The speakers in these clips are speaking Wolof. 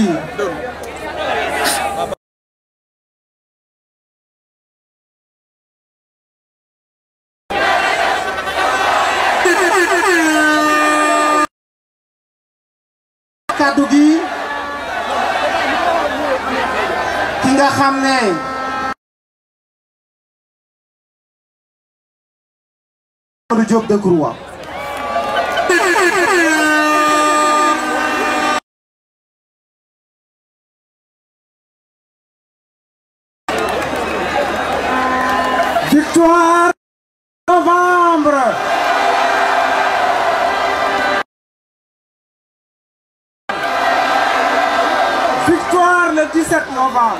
Kadugi, gi ki nga xam ne victoire novembre. Victoire le 17 novembre.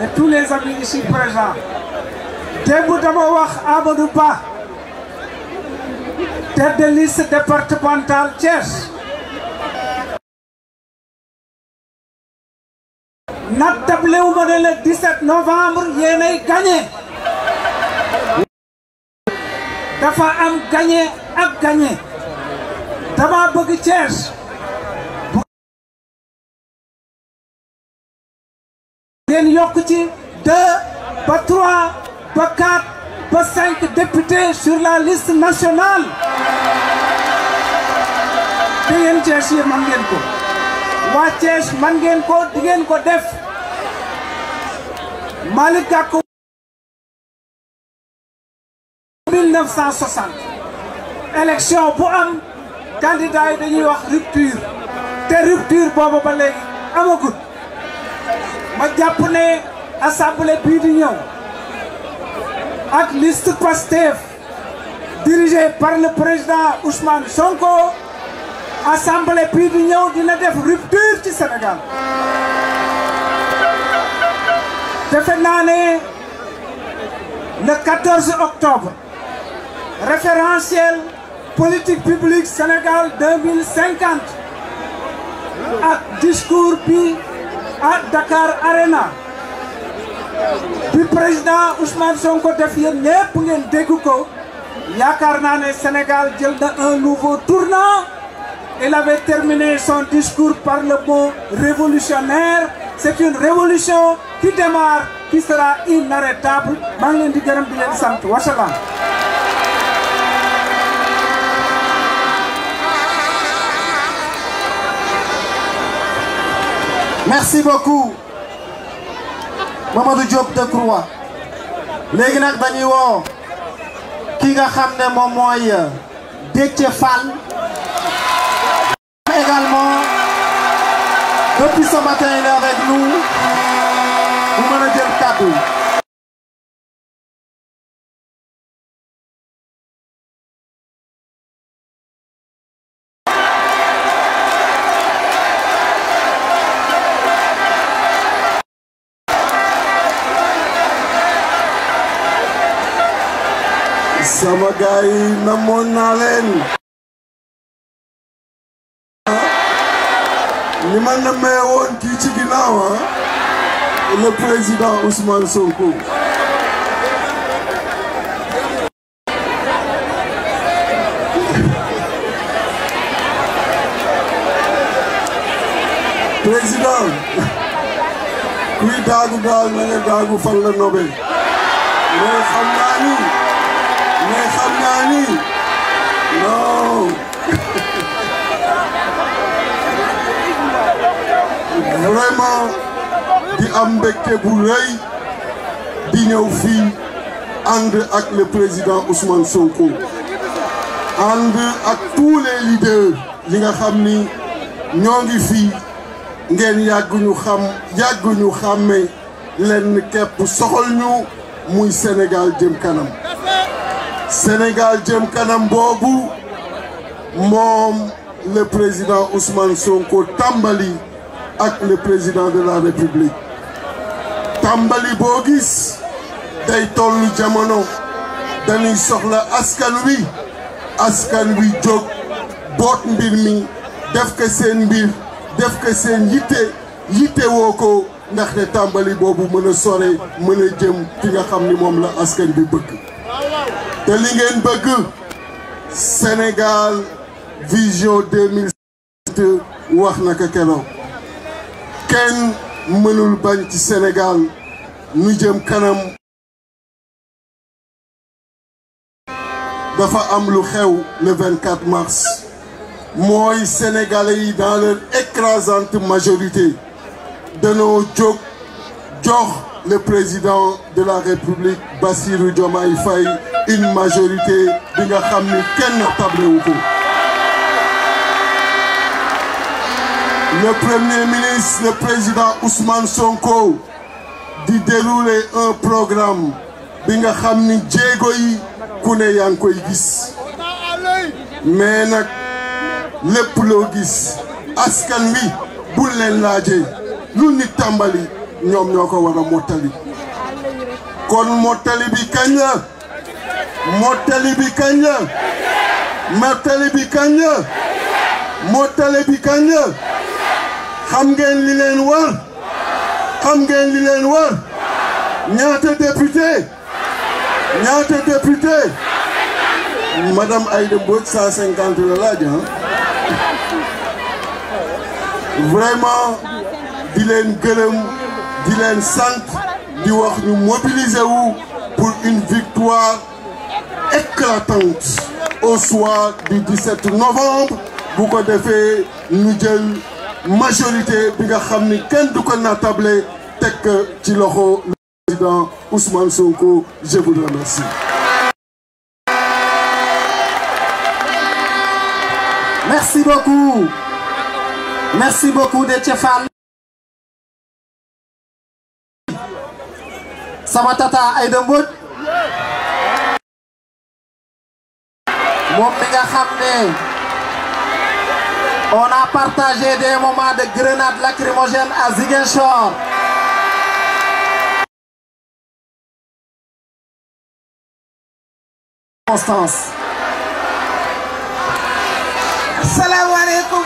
Et tous les amis ici présents, Debout de wax Amadou tête de liste départementale nattable wu ma ne le 17 novembre yéenay gagné dafa am gagné ak gagné dama bëgg Thiès bu ngeen yokk ci deux ba trois ba quatre ba cinq députés sur la liste nationale te yéen Thiès yi man ngeen ko waa Thiès man ngeen ko di ngeen ko def Malick Gakou 1960 élection bu am candidat yi dañuy wax rupture te rupture boobu ba léegi amagut ma jàpp assemblée bii ñëw ak liste Pastef dirigée par le président Ousmane Sonko assemblée puis di du dina rupture du Sénégal le 14 octobre référentiel politique publique Sénégal 2050 à discours puis à Dakar Arena Le président Ousmane Sonko def ne ñëpp ngeen dégg Sénégal jël un nouveau tournant elle avait terminé son discours par le mot révolutionnaire. C'est une révolution qui démarre, qui sera inarrêtable. merci beaucoup Mamadou Diop Job de nag dañuy woo ki nga xam également, depuis ce matin, il est avec nous. Vous me dire le cadeau. sama gars yi namoon Nimanda me won kichi kinawa. Le président Ousmane Sonko. président. Kuy daagu daal na nga daagu fan la nobe. Mais xam naa ni. no, xam vraiment di am mbégte di fi ak le président Ousmane Sonko ànd ak tous les leaders li nga xamni ni fi ngeen fii ñu xam xam ñu xamé lenn képp soxal ñu muy Sénégal jëm kanam Sénégal jëm kanam bobu mom le président Ousmane Sonko tambali avec le président de la république Tambali Bogis, gis day toll jamono Askalui, La askan wi askan wi jóg boot mbir mi def ko seen mbir def ko Yité sore fi nga la Sénégal vision 2022 wax kenn mënul bañ ci Sénégal ñu jëm kanam dafa am lu xew le 24 mars moy sénégalais yi dans leur écrasante majorité ont donné jox le président de la république Bassirou Diomaye Faye une majorité bi nga xamni kenn tablé wu ko le Premier ministre, le président Ousmane Sonko di dérouler un programme bi nga xam ni jéego yi ku ne yaa ngi koy gis mais nag lépp loo gis askan wi bu leen laajee lu nit tàmbali ñoom ñoo ko war a mottali kon mottali bi kañ la mottali bi kañ la mottali bi kañ la mottali bi kañ la vous li war député député madame Aïde Mbodj 150 la hein? vraiment Dylan leen Dylan sant nous mobiliser pour une victoire éclatante au soir du 17 novembre vous avez fait ñu majorité bi nga xamni kenn du ko le président Ousmane Sonko je vous remercie. merci beaucoup merci beaucoup de Fall. tata vous on a partagé des moments de grenades lacrymogènes à Ziguinchor. Constance. Salam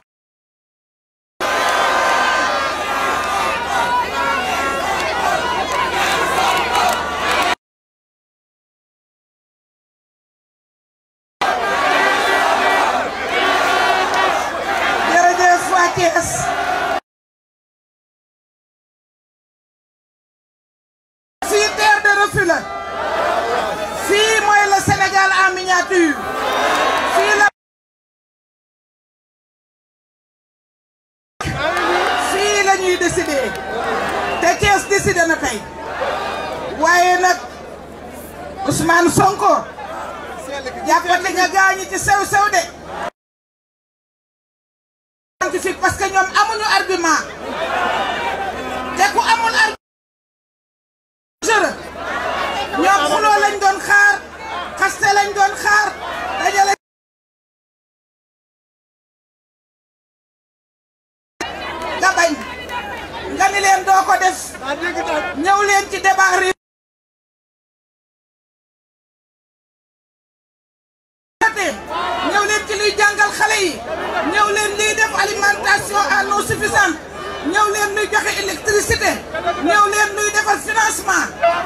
Yes. fii terre de refus la. fii mooy le Sénégal en miniature. la. fii la ñuy décider. te Thiès décider na tey. waaye nag Ousmane Sonko. jàppati nga gaañi ci sew sew de. amuñu ñoo xuloo lañ doon xaar xaste lañ doon xaar dajale nga bañ leen doo ko def ñëw leen ci débat réew ñëw leen ci luy jàngal xale yi ñëw leen ñuy def alimentation à non ñëw leen ñuy joxe électricité ñëw leen ñuy defal financement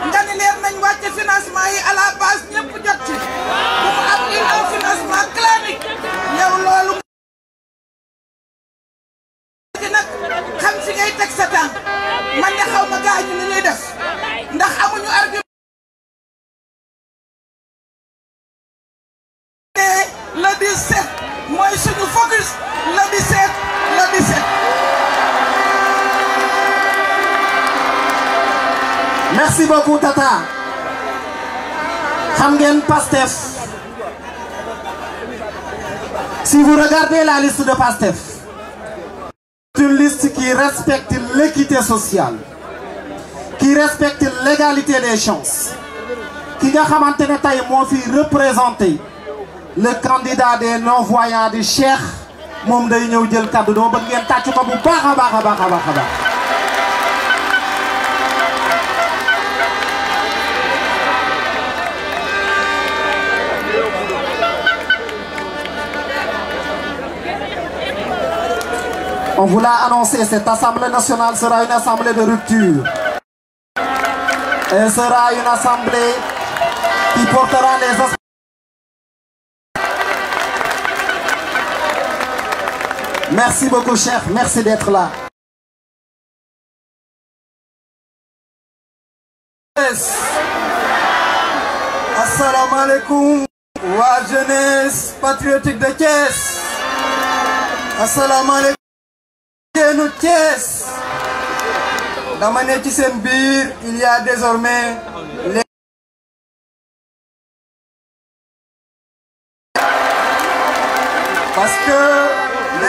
nga ni leen nañ wàcce financement yi à la jot ci bu mu am il un financement clanique ñëw loolu ci nag xam fi ngay teg man de xaw ma gaañu ni ñuy def ndax amuñu argument focus le 17 le 17 merci beaucoup Tata Pastef si vous regardez la liste de Pastef c'est une liste qui respecte l'équité sociale qui respecte l'égalité des chances qui doit xamante représentée représenté le candidat des non-voyants de Cheikh moom day ñëw jël On vous l'a annoncé, cette Assemblée nationale sera une assemblée de rupture. Elle sera une assemblée qui portera les Merci beaucoup, chef. Merci d'être là. Assalamu alaikum, wa jeunesse patriotique de caisse. Assalamu alaikum, notre Thiès. Dans ma bir, il y a désormais les parce que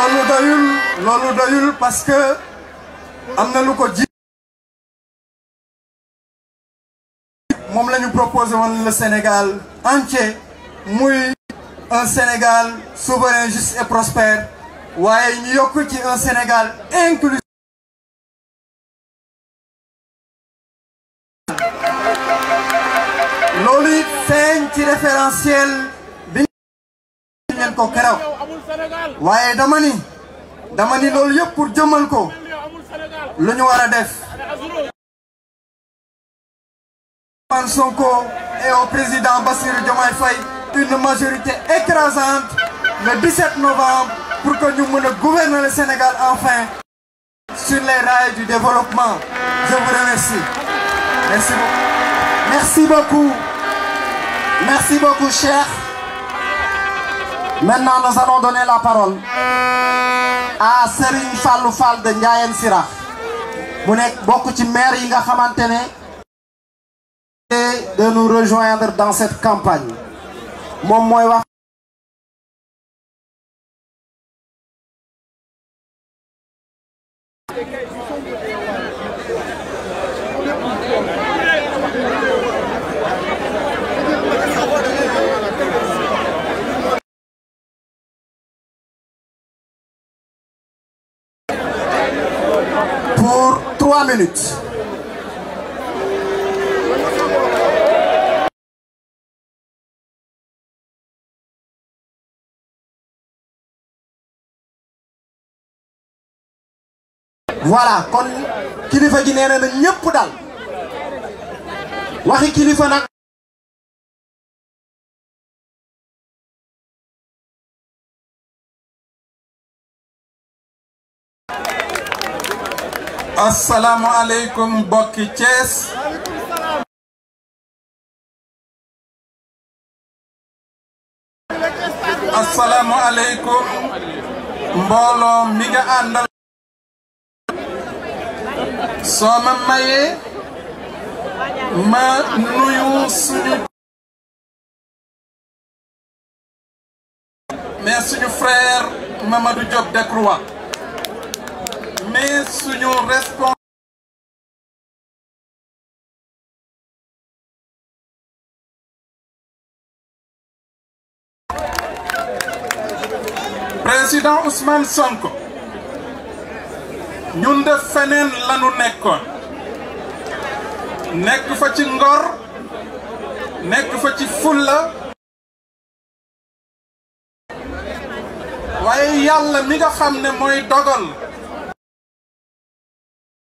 loolu doyul lolu doyul parce que amna na lu ko ji moom la ñu proposé le Sénégal entier muy un Sénégal souverain juste et prospère waye ñu yokk ci un Sénégal inclusif loolu feeñ ci référentiel le ko pour jëmmal ko et au président Bassirou Diomaye fay une majorité écrasante le 17 novembre pour que nous mën le Sénégal enfin sur les rails du développement je vous remercie. merci beaucoup merci beaucoup merci Maintenant, nous allons donner la parole à Serigne Fallou Fall de Ndiaye Sirah. mu nekk beaucoup ci ont yi nga xamante de nous rejoindre dans cette campagne trois minutes. kon kilifa gi nee dal waxi kilifa asalaamualeykum mbokki cees asalaamualeykum mbooloo mi nga àndal. soo ma mayee ma nuyu suñu. mais suñu frère Mamadou Diop Decroix. mais suñu responsable président Ousmane Sonko ñun def feneen lañu nekkoon nekk fa ci ngor nekk fa ci fulla waaye yàlla mi nga xam ne mooy dogal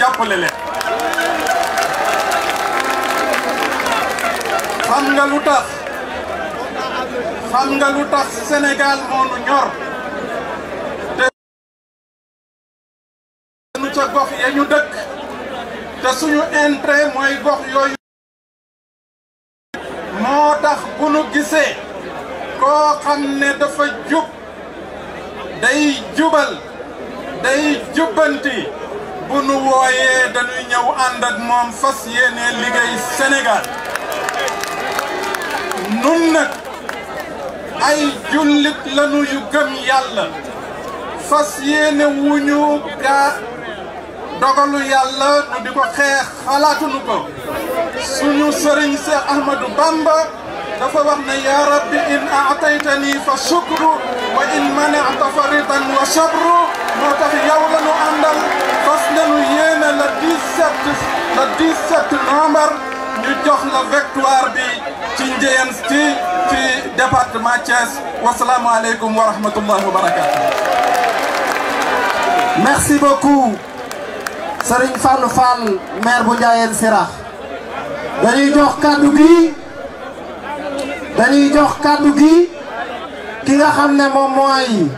jàppale leen xam nga lu tax xam nga lu tax Sénégal moo ñor te nu ca gox ya dëkk te suñu intérêt mooy gox yooyu moo tax bu nu gisee koo xam ne dafa jub day jubal day jubbanti bu nu wooyee dañuy ñëw ànd ak moom fas yéenee liggéey Sénégal nun nag ay jullit lañu yu gëm yàlla fas yéene wuñu gaa dogalu yàlla nu di ko xeex xalaatunu ko suñu sëriñ Seex Ahmadu Bamba dafa wax ne yaa rabbi in aataytani fa shukru wa in manata fa wa sabru moo tax yow la àndal nañu yéene le 17 le 17 novembre ñu jox merci beaucoup Serigne Fallou Fall maire bu Ndiéyène Sirakh dañuy jox kàddu gi dañuy jox kàddu gi ki nga xam ne moom mooy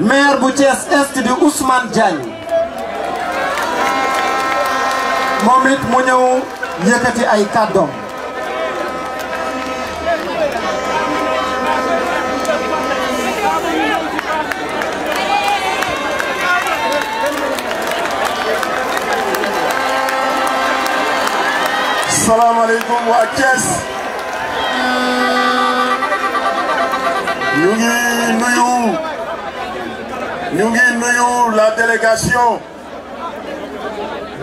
maire bu Thiès Est di Ousmane Diagne Momit it mu ñëw yëkkati ay kàddoom salaamaaleykum wa Thiès ñu ngi nuyu ñu ngi nuyu la délégation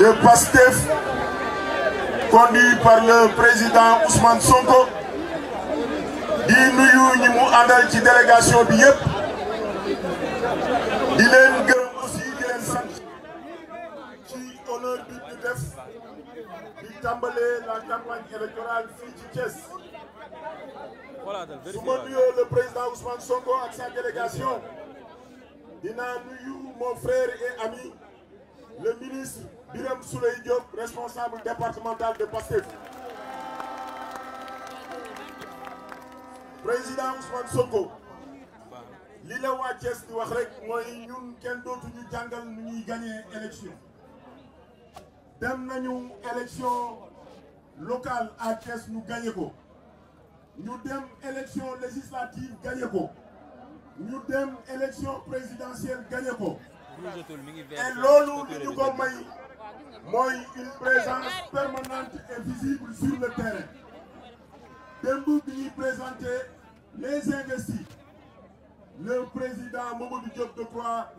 le PASTEF, conduit par le président Ousmane Sonko, il nous, a mu àndal ci délégation bi Il il est un aussi qui, sant ci honneur bi ñu def di la campagne électorale ci Thiès le président Ousmane Sonko avec sa délégation Il nous, mon frère et ami le ministre Biram Souley responsable départemental de PASTEF président Ousmane Soko, Lila la waa nous di wax rek nous ñun kenn gagné élection dem nañu locale à Nous ñu gagné ko ñu dem élection législative gagné ko dem élection présidentielle gagné ko et l'eau nous ñu mooy une présence permanente et visible sur le terrain Dembou, bi ñuy les investis le président Mamadou Diop de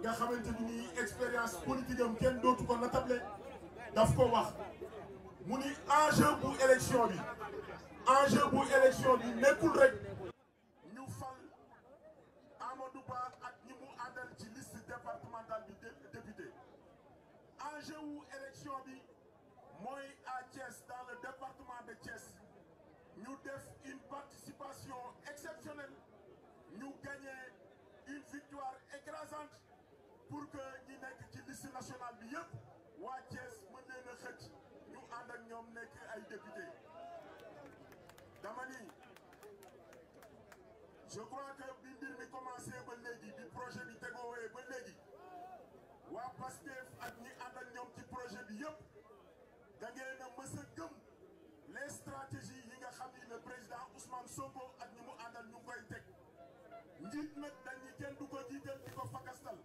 nga xamante ni expérience politique am kenn dootu ko natable daf ko wax a ni enjeu pour élection bi enjeu pour élection bi nekkul rek ñu fal Amadou Ba ak ñi mu àndal liste départementale du député enjeu élection bi Moi à Thiès dans le département de Thiès nous déf une participation exceptionnelle Nous gagnons une victoire écrasante pour que nous nekk ci liste nationale bi yépp wa Thiès mën na a ñu ànd ak ñom nekk ay député dama je crois que le mbir mi commencé ba légui bi projet bi tegoowee ba légui wa Pastef ak ñi bi les stratégies yi nga le président Ousmane Sonko ak ñi mu àndal ñu ngi koy teg njiit nag dañu kenn du ko jiital di ko fakastal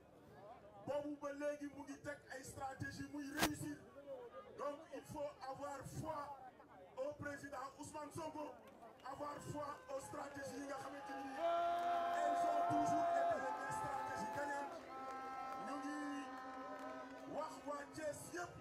boobu ba léegi mu ngi teg ay stratégie muy réussir donc il faut avoir foi au président Ousmane Sonko avoir foi aux stratégies yi nga xamante ni elles ont toujours été des stratégies gagnantes ñu ngi wax waa Thiès yëpp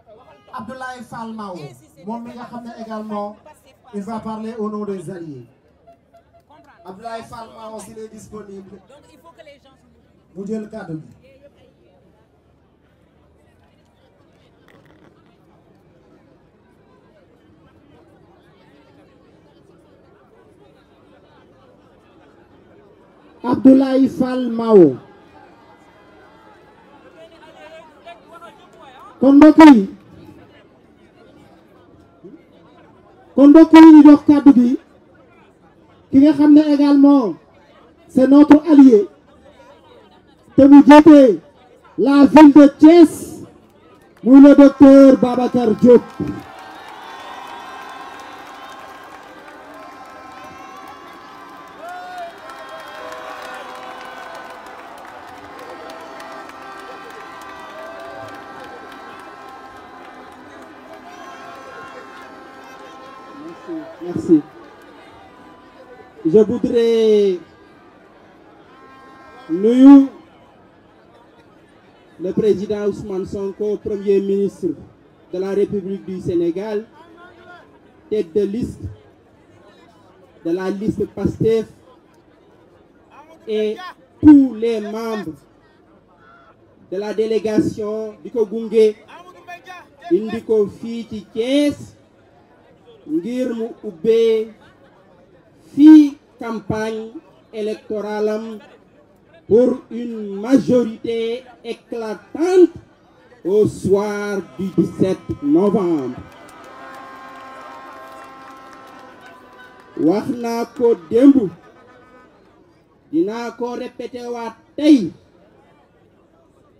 Abdoulaye Mao. mon également, il va parler au nom des alliés. Abdoulaye Mao, s'il est disponible, Donc, il faut que les gens... vous dites le cadre. Abdoulaye Falmao. Mao. kon mbokk yi ñu jox kàddu bi ki également c'est notre allié te mu jiite la ville de Thiès le docteur Baba Diop. je voudrais nous, le président Ousmane Sonko, premier ministre de la République du Sénégal, tête de liste de la liste PASTEF et tous les membres de la délégation du Kogungé, une Fi campagne électorale pour une majorité éclatante au soir du 17 novembre ko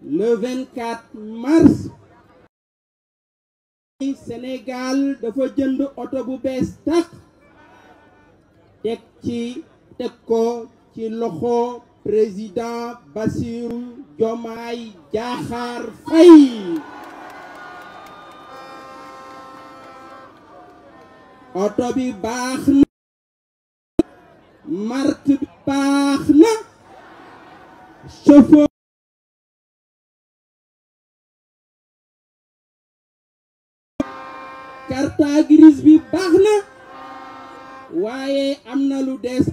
le 24 mars Sénégal dafa jënd auto bu teg ci teg ko ci loxo président Bassirou Diomaye Diakhar Faye oto bi baax na marque bi baax na chauffeur carte grise bi baax na waaye am na lu des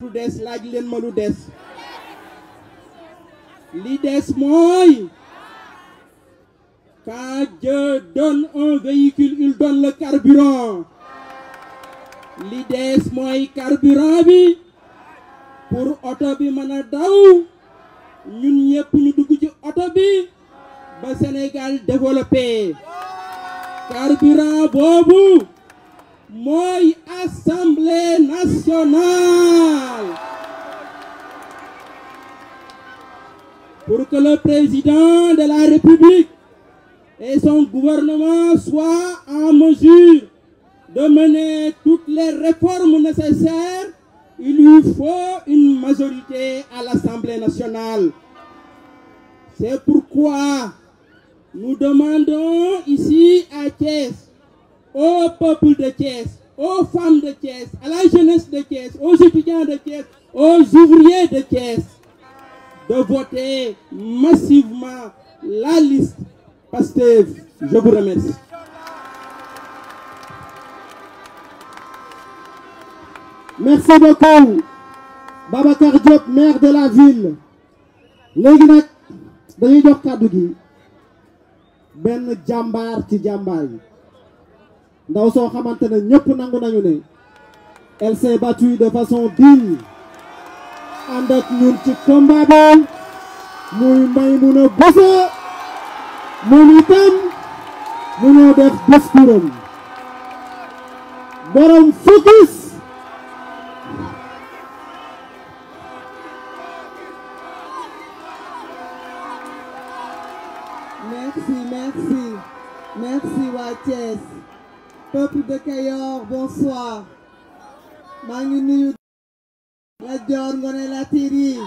lu des laaj leen ma lu des li des mooy quand Dieu donne un véhicule il donne le carburant li des mooy carburant bi pour oto bi mën a daw ñun ñëpp ñu dugg ci oto bi ba Sénégal développé carburant boobu moi assemblée nationale pour que le président de la république et son gouvernement soient en mesure de mener toutes les réformes nécessaires il lui faut une majorité à l'assemblée nationale c'est pourquoi nous demandons ici à Thiès au peuple de Thiès, aux femmes de Thiès, à la jeunesse de Thiès, aux étudiants de Thiès, aux ouvriers de Thiès, de voter massivement la liste Pasteur. Je vous remercie. Merci beaucoup. Baba Diop maire de la ville léegi dañuy ndaw soo xamante ne ñëpp nangu nañu ne elle s'est battue de façon digne ànd ak ñun ci combat bi muy Maimouna Bousso moom itam mu ñëw def discours am borom focus merci merci merci waa Thiès peuple de Kayor bonsoir maa ngi nuyu Lat Dior Ngoné yi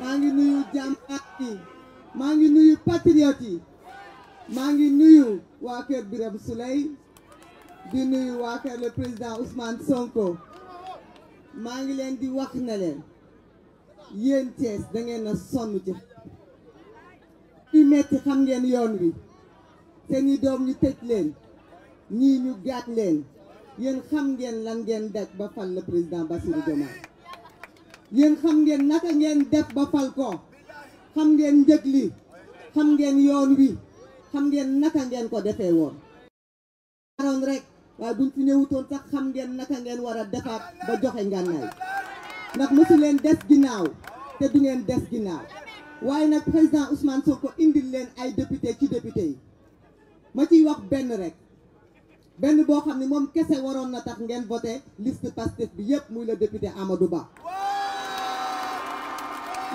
maa ngi nuyu jàmbaar yi maa ngi nuyu patriote yi maa ngi nuyu waa kër Birame Souleye di nuyu waa kër le président Ousmane Sonko maa ngi leen di wax ne leen yéen Thiès da ngeen a sonn ci yu metti xam ngeen yoon wi seen i doom ñu tëj leen ñii ñu gaag leen yéen xam ngeen lan ngeen daj ba fal le président Bassirou Diomaye yéen xam ngeen naka ngeen def ba fal ko xam ngeen njëg li xam ngeen yoon wi xam ngeen naka ngeen ko defee woon aroon rek waaye buñ fi ñëwutoon sax xam ngeen naka ngeen war a defaat ba joxe ngànnaay ndax mësu leen des ginnaaw te du ngeen des ginnaaw waaye nag président Ousmane ko indil leen ay député ci député yi ma ciy wax benn rek benn boo xam ne moom kese waroon na tax ngeen voté liste Pastef bi yépp muy le député Amadou Ba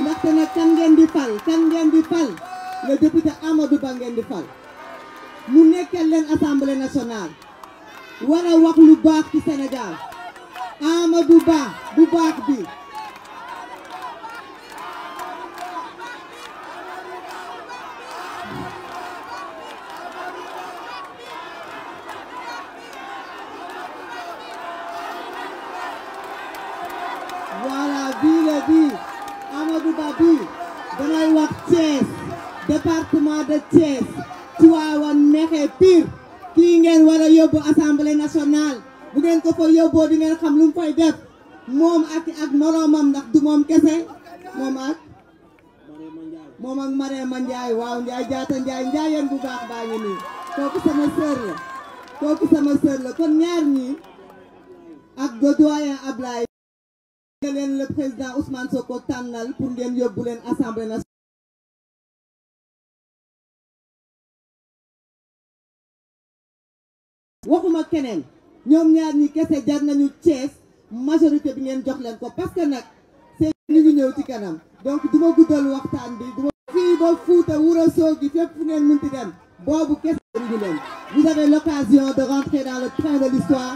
ndaxte nag kan ngeen di fal kan ngeen di fal le député Amadou Ba ngeen di fal mu nekkee leen assemblée nationale war a wax lu baax ci Sénégal Amadou Ba bu baax bi Sall pour ngeen yóbbu leen assemblée nationale. waxuma keneen ñoom ñaar ñi kese jar nañu Thiès majorité bi ngeen jox leen ko parce que nag seen ñu ngi ñëw ci kanam donc duma guddal waxtaan bi duma fii ba Fuuta Wuro Soogi fépp fu ngeen munti dem boobu kese ñu leen vous avez l'occasion de rentrer dans le train de l'histoire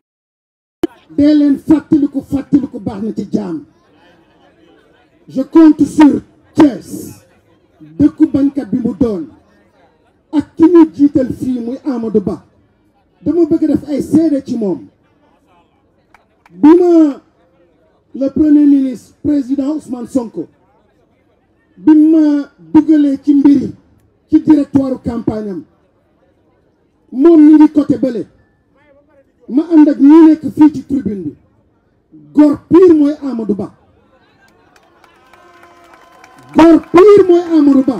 dee leen fàttaliku fàttaliku baax ci je compte sur Thiès dëkku bañkat bi mu doon ak ki ñu jiital fii muy Amadou Ba dama bëgg def ay seede ci moom Bima, le premier ministre président Ousmane Sonko Bima, ma Kimbiri ci mbiri ci campagne am moom ngi côté belé. ma ànd ak ñi nekk fii ci tribune bi góor pire mooy Amadou Ba góor pire mooy Amadou Ba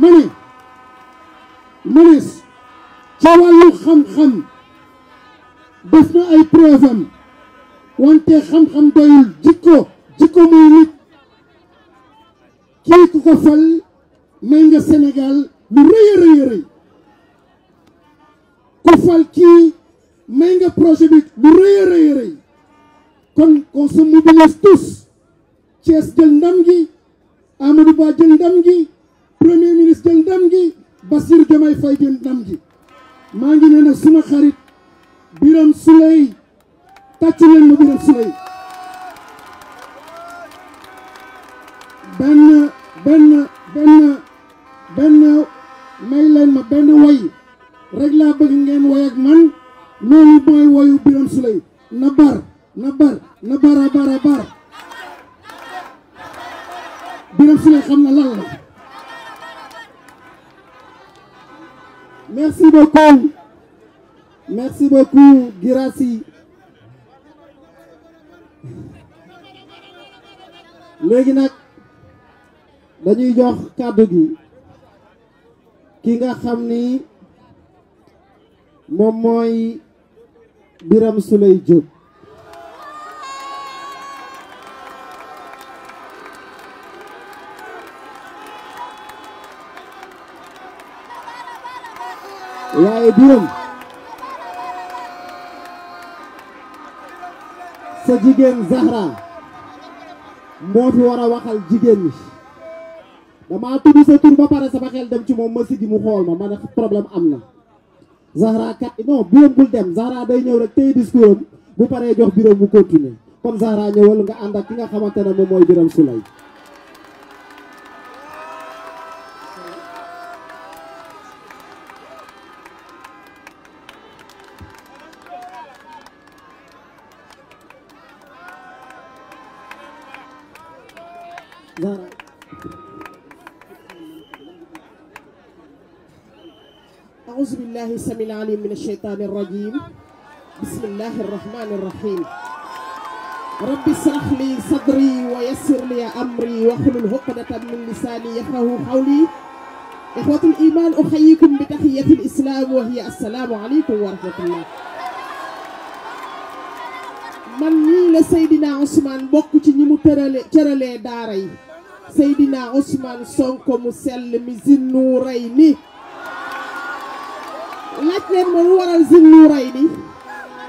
ma ne ma ne ci xam-xam def na ay preuve wante xam-xam doyul jikko jikko muy nit kii ku ko fal may nga Sénégal lu rëy a rëy ku fal kii may nga projet bi lu rëy a rëy kon on se mobilise tous Thiès jël ndam gi Amadou Ba jël ndam gi premier ministre jël ndam gi Bassirou Diomaye Faye jël ndam gi maa ngi ne nag suma xarit biram Souleye tàccu leen ma biram Souleye benn benn benn benn may leen ma benn way rek laa bëgg ngeen woy ak man loolu booy woyu Biram Suley na bar na bar na bara bara bar Biram Suley xam na lan la merci beaucoup merci léegi nag dañuy jox kàddu gi ki nga xam ni mom moy Biram Souleye Diop waye Biram sa jigen Zahra mo fi wara waxal jigen ni dama tudd sa tour ba pare sama xel dem ci mom ma sigi mu ma man problème amna Zahra kat non biram bul dem Zahra day ñëw rek tey discours am bu paree jox biram mu continuer kon Zahra ñëwal nga ànd ak ki nga xamante ne moom mooy biram Souleye بالله السميع العليم من الشيطان الرجيم بسم الله الرحمن الرحيم رب اشرح لي صدري ويسر لي امري واحلل عقدة من لساني يفقهوا قولي إخوة الإيمان أحييكم بتحية الإسلام وهي السلام عليكم ورحمة الله من نيل سيدنا عثمان بوك تي ci ñi mu tërale cëralee daara yi Seydina Ousmane Sonko mu laaj leen ma lu waral zil nuuray bi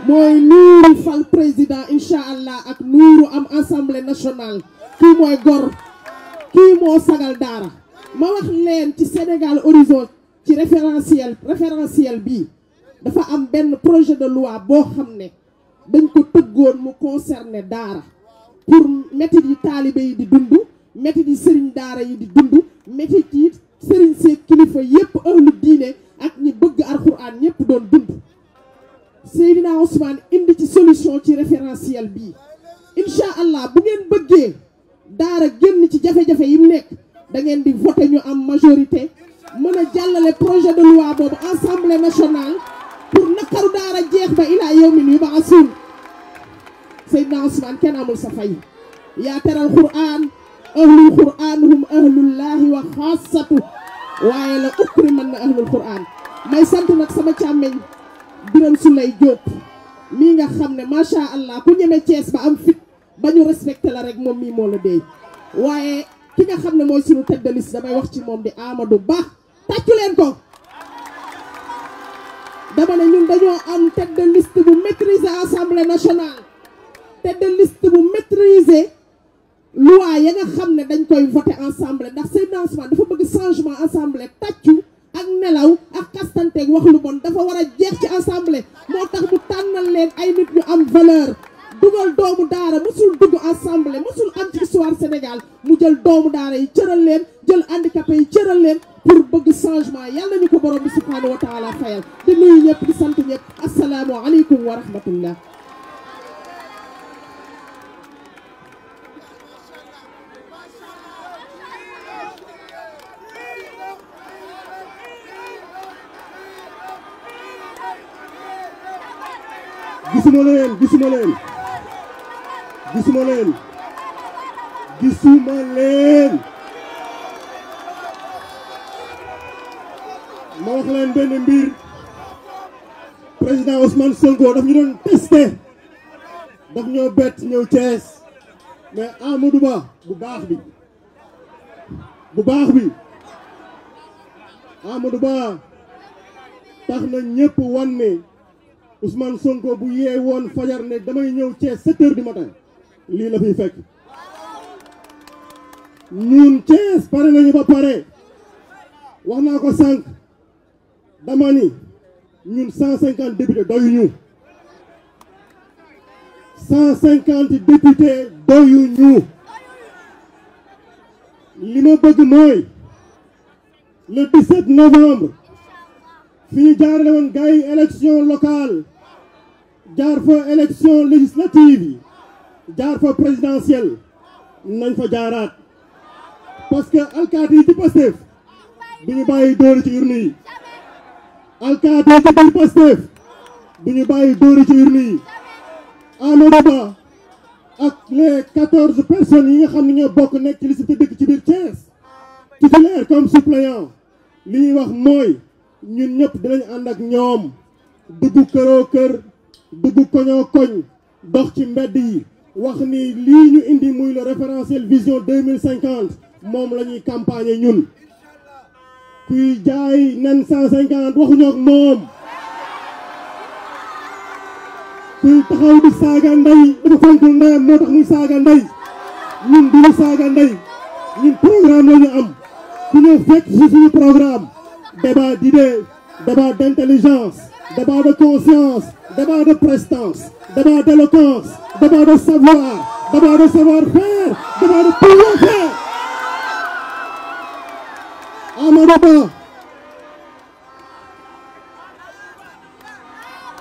mooy nuuru fal président incha allah ak nuuru am assemblée nationale kii mooy gor kii moo sagal daara ma wax leen ci Sénégal horizon ci référentiel référentiel bii dafa am benn projet de loi boo xam ne dañ ko tëggoon mu concerner daara pour métit yi taalibe yi di dund métit yi sëriñ daara yi di dund métit yi sëriñ see kilifa yépp ëllu diine ak ñi bëgg alxuraan ñëpp doon dund Seydina Ousmane indi ci solution ci référentiel bii incha allah bu ngeen bëggee daara génn ci jafe-jafe yi mu nekk da ngeen di voté ñu am majorité mën a jàllale projet de loi boobu assemblée nationale pour naqaru daara jeex ba ilaa yawmin yub'asun Seydina Ousmane kenn amul sa fay yaa teral Qur'an ahlul Qur'an hum ahlullahi wa xaasatu waaye la ëpp rek mën na ahlul quran may sant nag sama càmmeñ biram lay jóob mii nga xam ne macha allah ku ñeme Cees ba am fit ba ñu respecté la rek moom mii moo la déy waaye ki nga xam ne mooy suñu tête de liste damay wax ci moom di Amadou Ba tàccu leen ko dama ne ñun dañoo am tête de liste bu maîtriser assemblée nationale tête de bu maîtriser loi ya nga xam ne dañ koy voté ensemble ndax Seydina Ousmane dafa bëgg changement ensemble tàccu ak nelaw ak kastanteeg wax lu bon dafa war a jeex ci ensemble moo tax mu tànnal leen ay nit ñu am valeur dugal doomu daara mosul dugg ensemble mosul am ci histoire Sénégal mu jël doomu daara yi cëral leen jël handicapé yi cëral leen pour bëgg changement yàlla ñu ko borom bi subhanahu wa taala fayal di nuyu ñëpp di sant aleykum wa gisuma leen gisuma leen gisuma leen gisuma leen ma wax leen benn mbir président Ousmane Sonko daf ñu doon testé daf ñoo bett mais Amadou Ba bu baax bi bu baax bi Amadou Ba tax na ñëpp Ousmane Sonko bu yee woon fajar ne damay ñëw Thiès 7 di du matin lii la fiy fekk ñun Thiès pare nañu ba pare wax naa ko sànq dama ni ñun 150 députés doyuñu 150 députés doyuñu li ma bëgg mooy le 17 novembre. fii jaarale woon gars yi élection locale jaar fa élection législative jaar fa présidentielle nañ fa jaaraat parce que alkaati yi ci Pastef baye ñu bàyyi dóori ci urne yi alkaati yi ci biir Pastef du ci urne yi Amadou ak les quatorze personnes yi nga xam ne ñoo bokk ci liste dëkk ci titulaire comme suppléant li va wax ñun ñëpp dinañ ànd ak ñoom dugg këroo kër dugg koñoo koñ dox ci mbedd yi wax ni lii ñu indi muy le référentiel vision mille cinquante moom lañuy ñuy campagne ñun kuy jaay nen waxuñu ak moom kuy taxaw di saaga ndey dafa fonkul ndeyam moo tax muy saaga ndey ñun duñu saaga ndey ñun programme la am ku fekk suñu programme débat d'idées, débat d'intelligence, débat de conscience, débat de prestance, débat d'éloquence, débat de savoir, débat de savoir-faire, débat de pouvoir faire. Amadou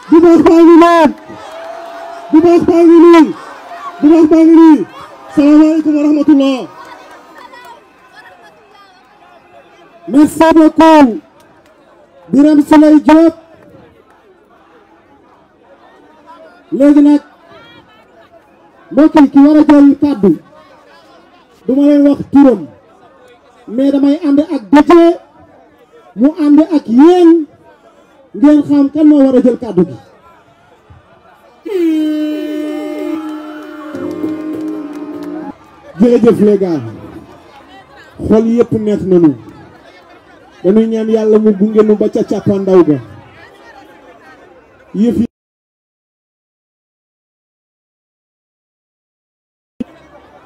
Dimanche par ngi noonu dimanche baa ngi nii dimanche baa ngi Salam alaykoum wa rahmatullah merci beaucoup Birame Souleye Diop léegi nag mbokk yi war a jël kàddu du ma wax turam mais damay ànd ak Déthié mu ànd ak yéen ngeen xam kan war a jël kàddu gi. jërëjëf les gars xol yëpp neex nañu. dañuy yàlla mu gunge ba ca càppandaw ga yëf yi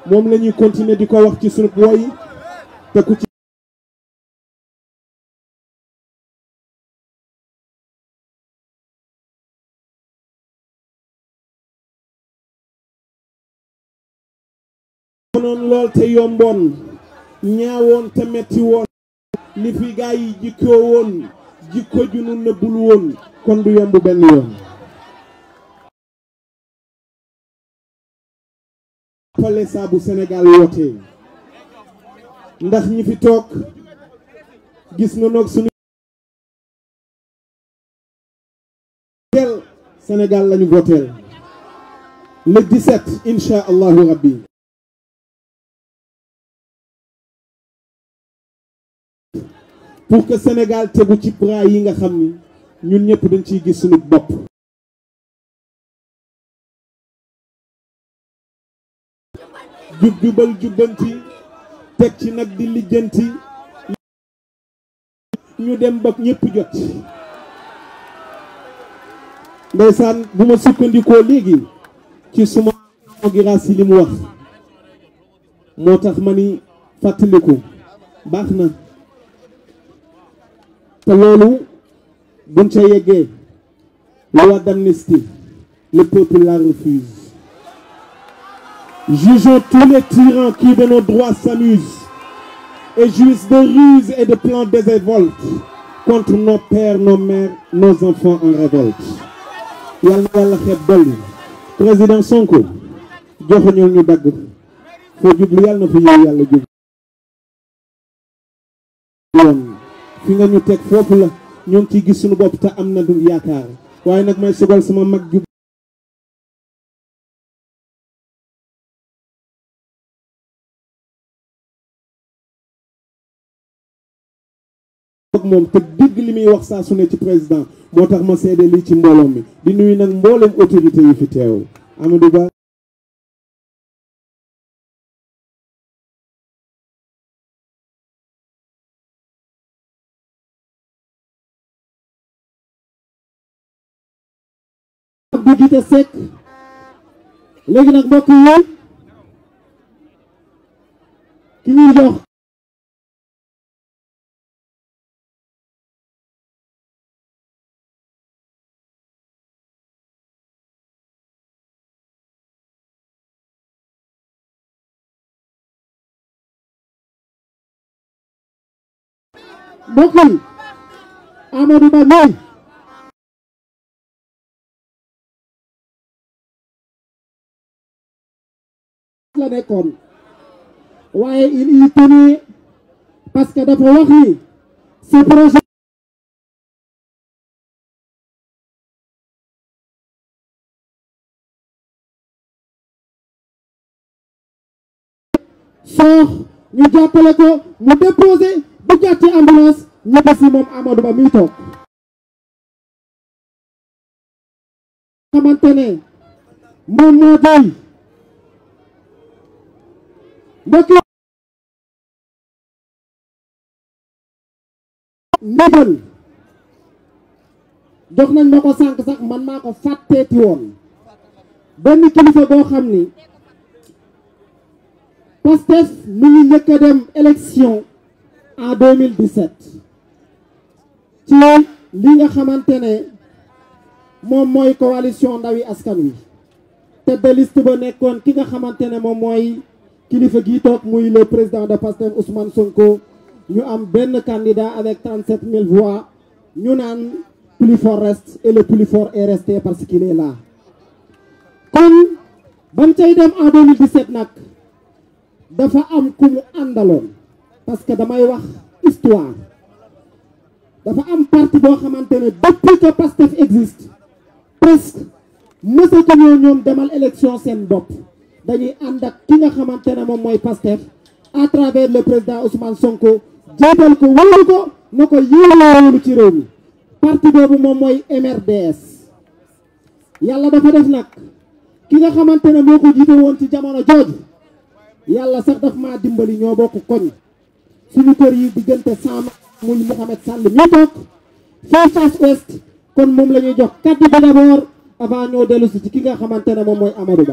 moom la ñuy continuer di ko wax ci sunu woy te ku ci noon ñaawoon te metti woon li fi gaa yi jikkoo woon jikko ju nu nëbbul woon kon du yomb benn yoon ndax ñi fi toog gis nga noog suñu teel Sénégal lañu voteel le 17 incha allahu rabbi pour que Sénégal tegu ci bras yi nga xam ni ñun ñëpp dañ ciy gis suñu bopp. jub jubbanti teg ci nag di lijjanti. ñu dem ba ñëpp jot. ndeysaan bu ma sukkandikoo léegi ci suma giraas yi li wax moo tax ma ni fàttaliku baax na. lolu le peuple la refuse jugeons tous les tyrans qui de nos droits s'amusent et jouissent de ruses et de plans désévoltes contre nos pères nos mères nos enfants en révolte président Sonko fi nga ñu teg foofu la ñoo ngi ciy gis suñu bopp te am na du yaakaar waaye nag may sugal sama mag ju ak moom te dégg li muy wax saa su ne ci président moo tax ma seede lii ci mbooloo mi di nuyu nag mbooleem autorité yi fi teew Amadou Ba Mathia Seck léegi nag mbokk yi ki ñuy jox mbokk Amadou Ba la nekkoon waaye il y tenu parce que dafa wax ni projet soox ñu jàppale ko mu déposé bu jàtte ambulance ñëpp si moom Amadou Ba muy toog Ndefleng ndëbal jox nañ ma ko sànq sax man maa ko fàtteeti woon benn kilifa boo xam ni Pastef mi ngi dem élection en 2017 ci li nga xamante ne moom mooy coalition Ndawi Askan Wi tête de liste ba nekkoon ki nga xamante ne moom qui fait fait le président de Pastef Ousmane Sonko avons un bon candidat avec 37 000 voix ñu le plus fort reste et le plus fort est resté parce qu'il est là. Comme, en 2017 nous avons parce que une histoire avons un parti depuis que Pastef existe presque mësatuñoo ñoom demal élection sans dañuy ànd ak ki nga xamante ne moom mooy Pastef à travers le président Ousmane Sonko jébbal ko wóolu ko na ko yéewóolu ci réew mi parti boobu moom mooy MRDS yàlla dafa def nag ki nga xamante ne moo ko jiite woon ci jamono jooju yàlla sax daf maa dimbali ñoo bokk koñ suñu kër yi diggante saam muy Mouhamed Sall ñu toog fii face ouest kon moom la ñuy jox kaddu bi d'abord avant ñoo dellu si ci ki nga xamante ne moom mooy Amadou Ba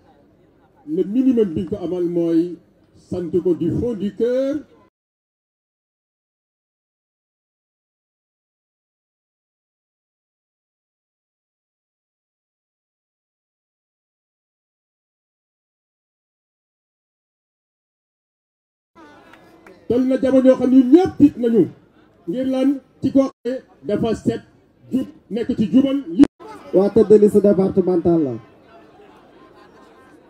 le minimum bi ñu ko amal mooy sant ko du fond du cœur na jamono xam ni ñëpp nañu ngir lan ci koo xam dafa set jub nekk ci jubal li waa tëdd sa départemental la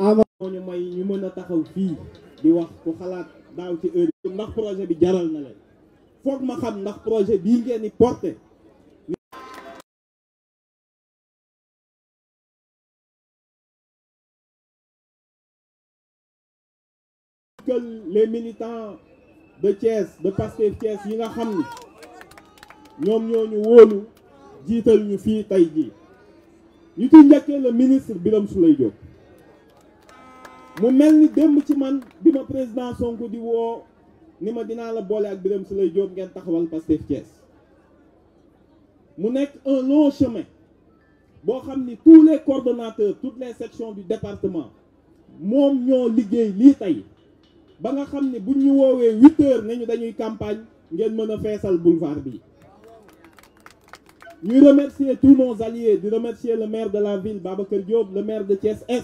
avant ñu may ñu mën a taxaw fii di wax ku xalaat daaw ci heure bi ndax projet bi jaral na leen foog ma xam ndax projet bii ngeen di porté que de Thiès de Pastef Thiès yi nga xam ni ñoom ñoo ñu wóolu jiital ñu fii tey jii ñu ci njëkkee le ministre Birame Souleye Diop mu melni président la un long chemin tous les coordonnateurs toutes les sections du département moom ñoo liggéey ba nga campagne tous nos alliés di remercier le maire de la ville Babacar Diop le maire de Thiès Est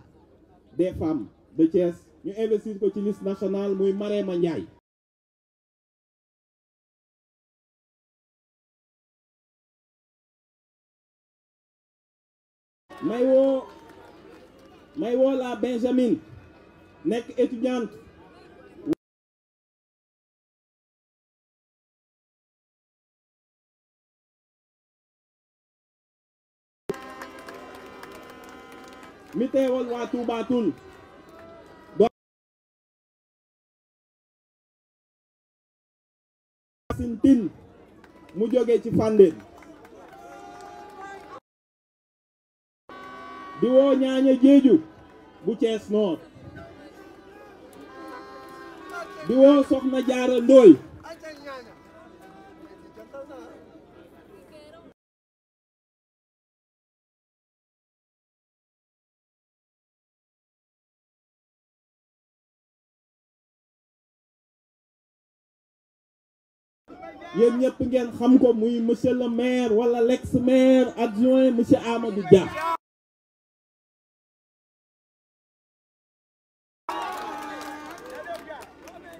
des femmes de Thiès ñu investir ko ci liste nationale muy Marema Ndiaye may woo may woo Benjamin nekk étudiante mi teewoon waa Touba Toul tin mu joge ci Fandène di woo ñaaña jéeju bu Thiès Nord di woo soxna jaara ndooy yéen ñëpp ngeen xam ko muy monsieur le maire wala l'ex maire adjoint monsieur Amadou Dia.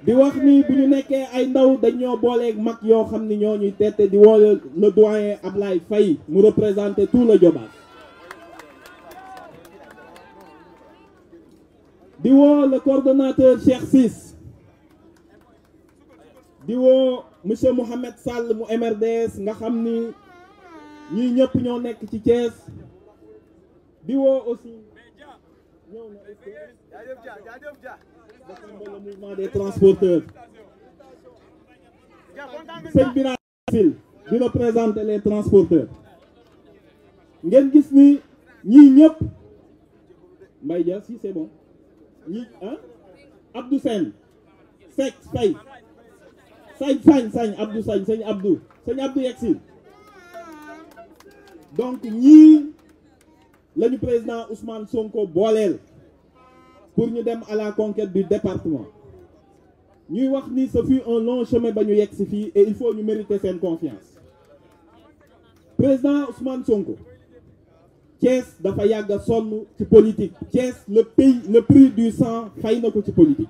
di wax ni bu ñu nekkee ay ndaw dañoo booleeg mag yoo xam ni ñoo ñuy tette di woo le doyen Ablaye Faye mu représenter tout le Diobass. di woo le coordonnateur Cheikh sis di woo monsieur Mohamed Sall Mou MRDS nga xam ni ñëpp ñoo nekk aussi le mouvement des transporteurs C'est bien facile. di les transporteurs ngeen gis ni ñëpp si c'est bon hein? Abdou Sen. Faye sañ sañ sañ Abdou sañ sañ Abdou sañ Abdou yegsi donc nous, le président Ousmane Sonko booleel pour nous dem à la conquête du département ñuy wax ni ce fut un long chemin pour nous, yegsi et il faut nous mériter cette confiance président Ousmane Sonko Thiès dafa qui a sonn ci politique Thiès le pays le prix du sang fay politique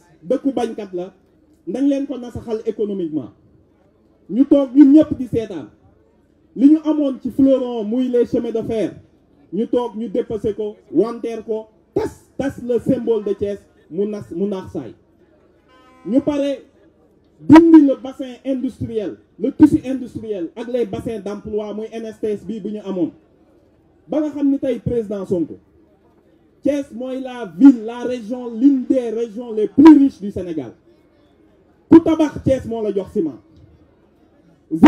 dëkku bañkat la nañ leen ko nasaxal économiquement ñu toog ñun ñëpp di seetaan li ñu amoon ci floron muy les chemins de fer ñu toog ñu dépassé ko wanteer ko tas tas le symbole de Thiès mu nas mu naax saay ñu pare dindi le bassin industriel le tissu industriel ak les bassins d'emploi muy NSTS bii bu ñu amoon ba nga xam ni tey président Sonko c'est la ville la région l'une des régions les plus riches du Sénégal ville tabax Thiès moo la jox ciment C'est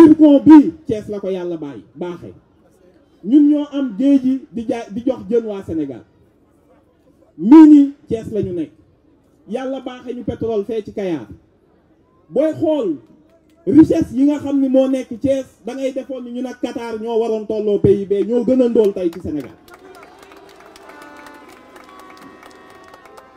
la ko am di di jox Sénégal Mini Thiès la ñu nekk yàlla baaxee ñu pétrole fee ci Kayar des richesse yi nga xam ni Sénégal, C'est Thiès da ngay qui ni Qatar a Sénégal.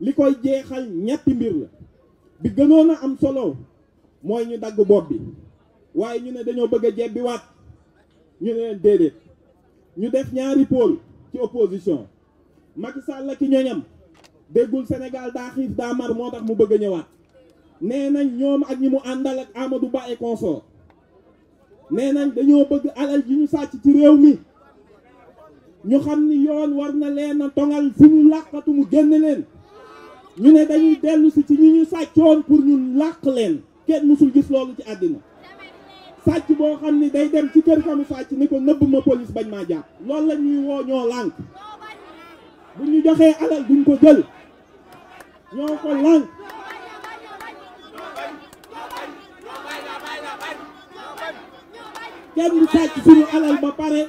likoy jeexal ñetti mbir la bi gënon am solo moy ñu dag bob bi waye ñu ne dañoo bëgg a waat ñu ne dédé ñu def ñaari pôle ci opposition Macky Sall ki ñoñam déggul Sénégal da xif da mar moo tax mu bëgg ñëwaat nee nañ ñoom ak ñi mu àndal ak Amadou Ba et consort nee nañ dañoo bëgg alal ji ñu sacc ci réew mi ñu xamni yoon war na leena tongal fu ñu làqatu mu genn leen ñu ne dañuy dellu ci ñi ñu sàccoon pour ñun làq leen kenn musul gis loolu ci àddina sàcc boo xam ni day dem ci kër kamu sàcc ni ko nëbb ma bañ maa jàpp loolu la ñuy woo ñoo lànk bu ñu joxee alal duñ ko jël ñoo ko lànk kenn sàcc suñu alal ba pare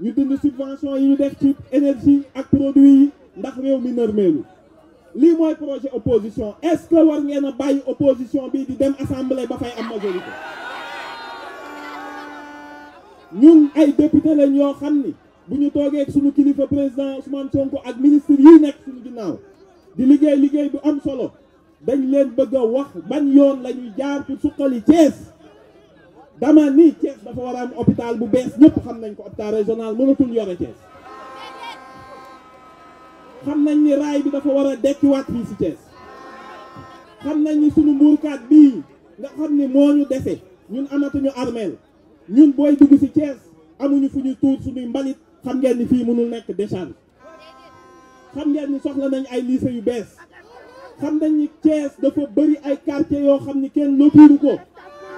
ñu dund subvention yi ñu def ci énergie ak produit ndax réew mi nërmeelu lii mooy projet opposition est-ce que war ngeen a bàyyi opposition bi di dem assemblée ba fay am majorité ñun ay député lañ yoo xam ni bu ñu toogee ak suñu kilifa président Ousmane Sonko ak ministre yi nekk suñu ginnaaw di liggéey liggéey bu am solo dañ leen bëgg a wax ban yoon la ñuy jaar ci suqali Thiès dama ni Thiès dafa war a am hôpital bu bees ñëpp xam nañ ko hôpital régional mënatul yore Thiès xam nañ ni raay bi dafa war a dekkiwaat fii ci Thiès xam nañ ni suñu mbuurkaat bii nga xam ni moo ñu dese ñun amatuñu armeel ñun booy dugg si Thiès amuñu fu ñu tuur suñuy mbalit xam ngeen ni fii mënul nekk décharge xam ngeen ni soxla nañ ay lycée yu bees xam nañ ni dafa bëri ay quartier yoo xam ni kenn lotiiru ko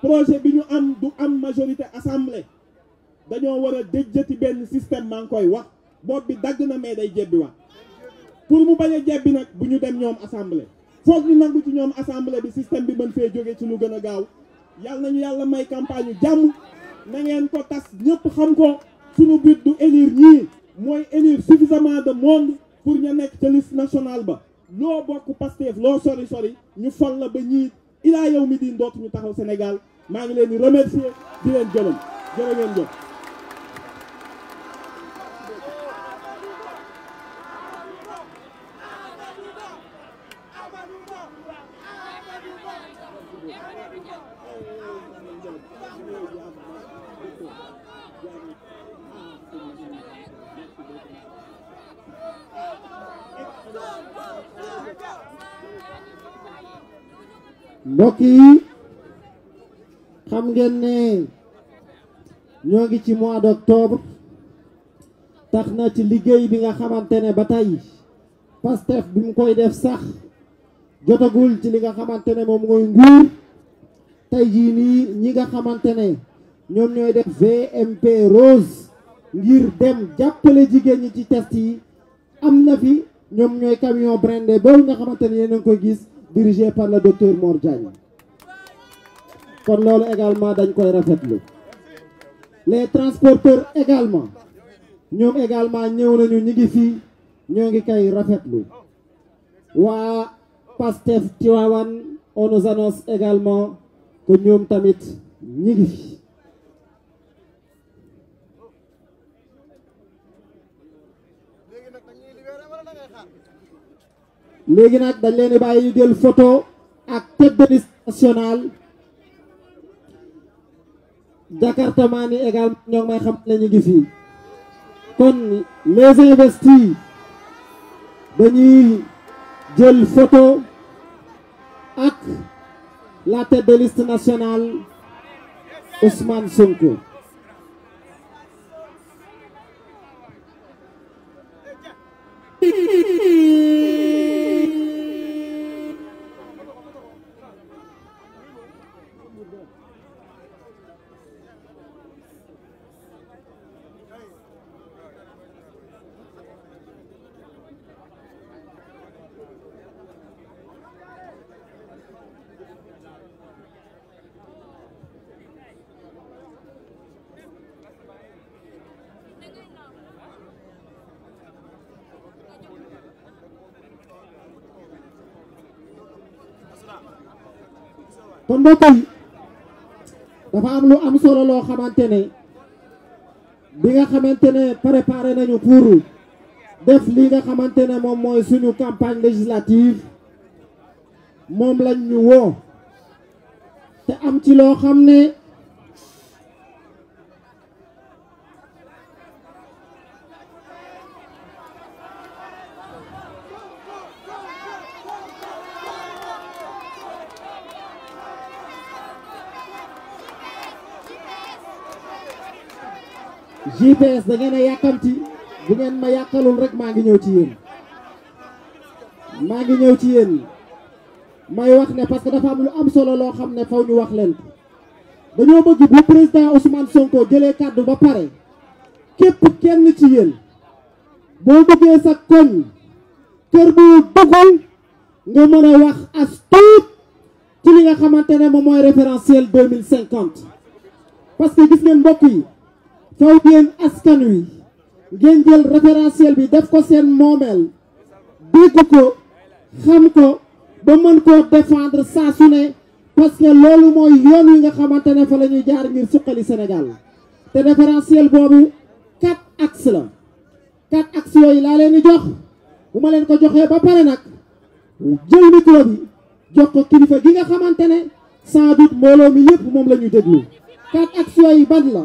projet bi ñu am du am majorité assemblée dañoo war a déjjati benn système maa ngi koy wax bopp bi dagg na mais day jebbi wa pour mu bañ a jebbi nag bu ñu dem ñoom assemblée foog ñu nangu ci ñoom assemblée bi système bi mën fee jóge ci lu gën a gaaw yàlla nañu yàlla may campagne jàmm na ngeen ko tas ñëpp xam ko suñu but du élire ñii mooy élire suffisamment de monde pour ña nekk ca liste nationale ba loo bokk Pastef loo sori sori ñu fal la ba ñii ilaa yow mi diin dootuñu taxaw Sénégal maa ngi leen di remercier di leen jëloon jërë ngeen mbokk yi xam ngeen ne ñoo ngi ci mois d'octobre tax na ci liggéey bi nga xamante ne ba tey Pastef bi mu koy def sax jotagul ci li nga xamante ne moom mooy nguur tey jii nii ñi nga xamante ne ñoom ñooy def VMP rose ngir dem jàppale jigéen ñi ci test yi am na fi ñoom ñooy camion blindé boobu nga xamante ne yéen a ngi koy gis dirigé par le docteur Mordjani. Diagne kon loolu également dañ koy rafetlu les transporteurs également nous également nous nañu ñi ngi fii ñoo ngi koy rafetlu Wa Pastef Tiwawan, on nous annonce également que nous tamit ñi ngi fi léegi nag dañ leen di bàyyi jël photo ak tête de liste nationale Jakarta maa ni également ñoo ngi may xam ne ñu ngi fii kon les investis dañuy jël photo ak la tête nationale Ousmane Sonko mbokk yi dafa am lu am solo loo xamante ne bi nga xamante ne préparé nañu pour def li nga xamante ne moom mooy suñu campagne législative moom lañ ñu woo te am ci loo xam ne. bees da ngeen a yàkkamti bu ngeen ma yàkkalul rek maa ngi ñëw ci yéen maa ngi ñëw ci yéen may wax ne parce que dafa am lu am solo loo xam ne faw ñu wax leen dañoo bëgg bu président Ousmane Sonko jëlee kàddu ba pare képp kenn ci yéen boo duggee sa koñ kër bu duggul nga mën a wax as tuut ci li nga xamante ne moom mooy référentiel parce que gis ngeen mbokk yi taw ngeen askan wi ngeen jël référentiel bi def ko seen moomeel dégg ko xam ko ba mën koo défendre saa ne parce loolu mooy yoon wi nga xamante ne fa la ñuy jaar ngir suqali senegal te référentiel boobu quatre axes la quatre axes yooyu laa leen di jox bu leen ko joxee ba pare nag jël micro jox ko kilifa gi nga xamante ne sans doute mbooloo mi yëpp moom la ñu déglu quatre axes yooyu ban la.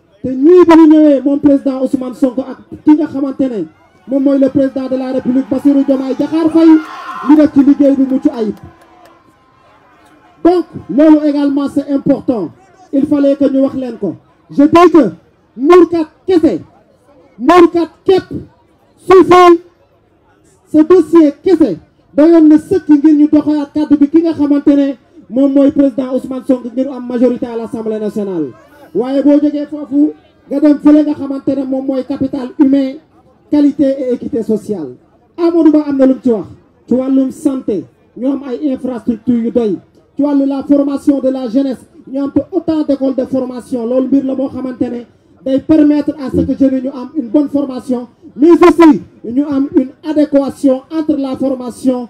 te ñii bu ñu président Ousmane Sonko ak ki nga xamante ne moom le président de la république Bassirou Diomaye Diakhar Faye ñu def ci liggéey bi muccu ayib donc là également c'est important il fallait que nous wax len ko je dis que muurkat kessé muurkat kep suufal ce dossier kessé dayoon na sëkk ngir ñu doxalaat cadre bi ki nga xamante ne moy président Ousmane Sonko ngir am majorité à l'Assemblée nationale vous boo jógee que vous dem fële nga capital humain qualité et équité sociale Vous de am na lu santé de infrastructure yu la formation de la jeunesse ñu am autant d'écoles de formation loolu vous, permettre à ce que une bonne formation mais aussi ñu une adéquation entre la formation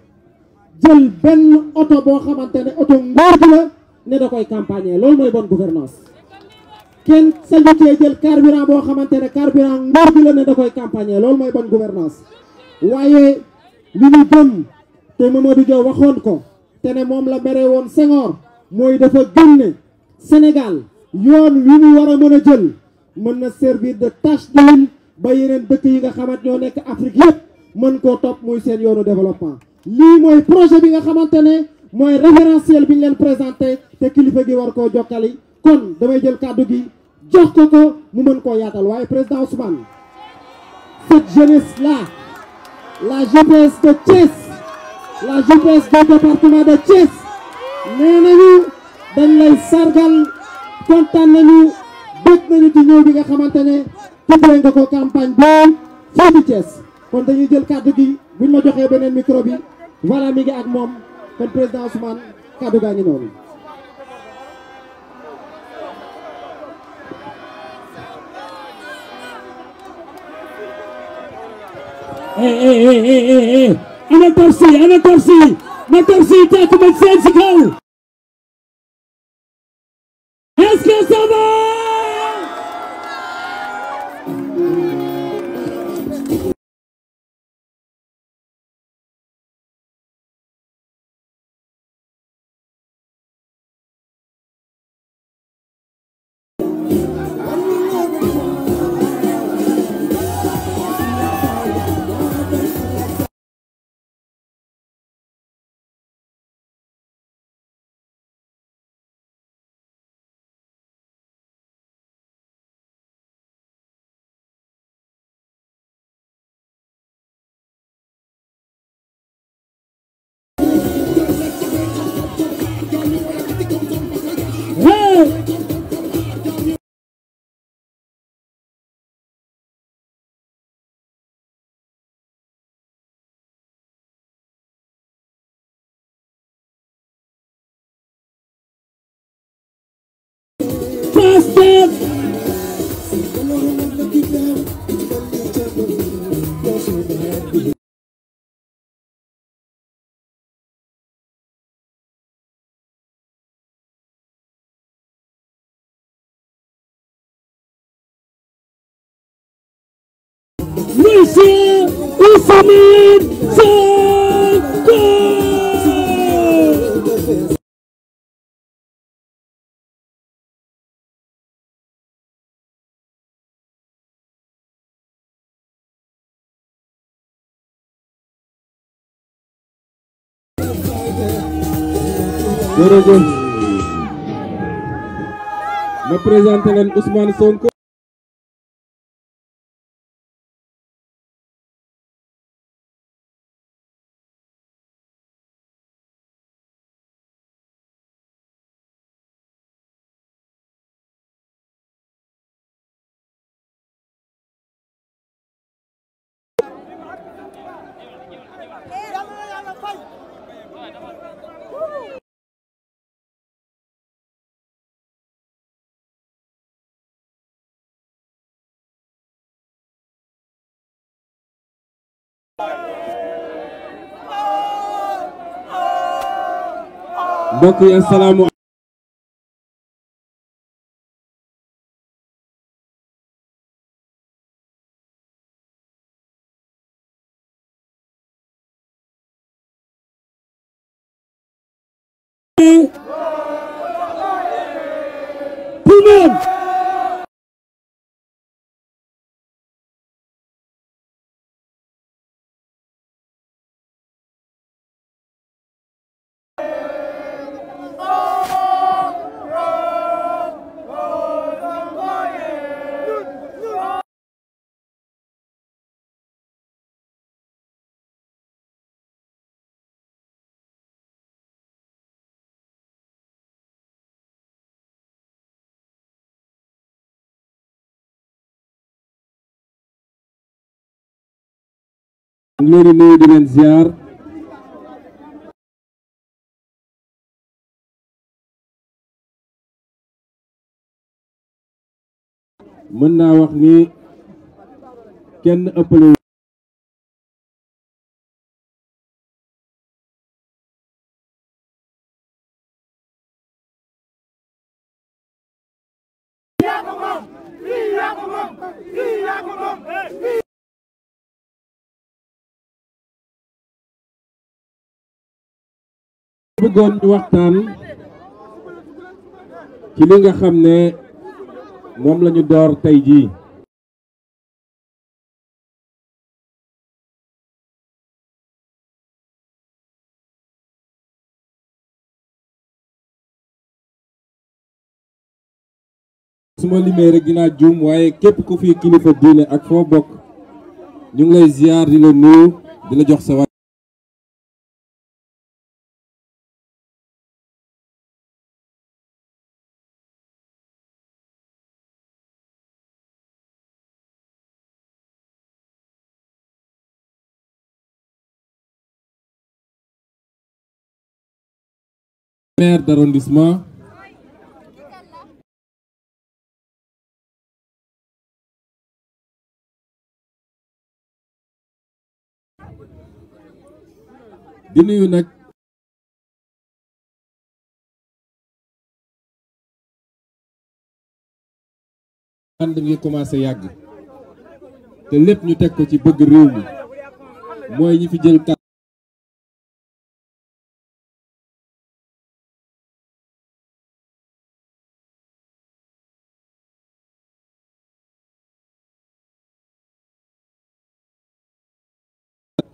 jël ben auto bo xamantene auto oto bi la né da koy campagne lool moy bonne gouvernance ken sañu cee jël carburant bo xamantene carburant nguur bi la né da koy campagne lool moy bonne gouvernance wayé li ñu dem té Mamadou Dia waxon ko té né mom la béré won Senghor moy dafa gënné Sénégal yoon wi ñu wara mëna jël mëna servir de tâche d'huile ba yeneen dëkk yi nga xamante ñoo nekk Afrique yépp mën ko top moy sen yoonu développement li moy projet bi nga xamantene moy référentiel bi présenté té kilifa gi war kon damay jël cadeau gi jox ko ko mu mën ko yaatal président Ousmane cette jeunesse là la jeunesse de Thiès la jeunesse de département de Thiès lay sargal nañu bëgg nañu di ñëw bi nga xamantene le nga ko campagne bi Thiès kon dañuy jël je gi buñ ma joxé voilà mi ngi ak moom kon président Ousmane kàddu gaa ngi noonu eh, eh, eh, ana ei, ana Tafsi na Tafsi tàkk ma seen si kaw est-ce que ça va Alfamin Sengkong jërëjëf Ousmane Sonko mbokk yi assalaamu leen di mën naa wax ni kenn ëppale bëggoon ñu waxtaan ci li nga xam ne moom la ñu door tey jii su ma limee rek dinaa juum waaye képp ku fi kilifa diine ak foo bokk ñu ngi lay ziar di la nuyu di la jox sa maire d'arrondissement di nuyu nag ànd ngi commencé yàgg te lépp ñu teg ko ci bëgg réew mi mooy ñi fi jël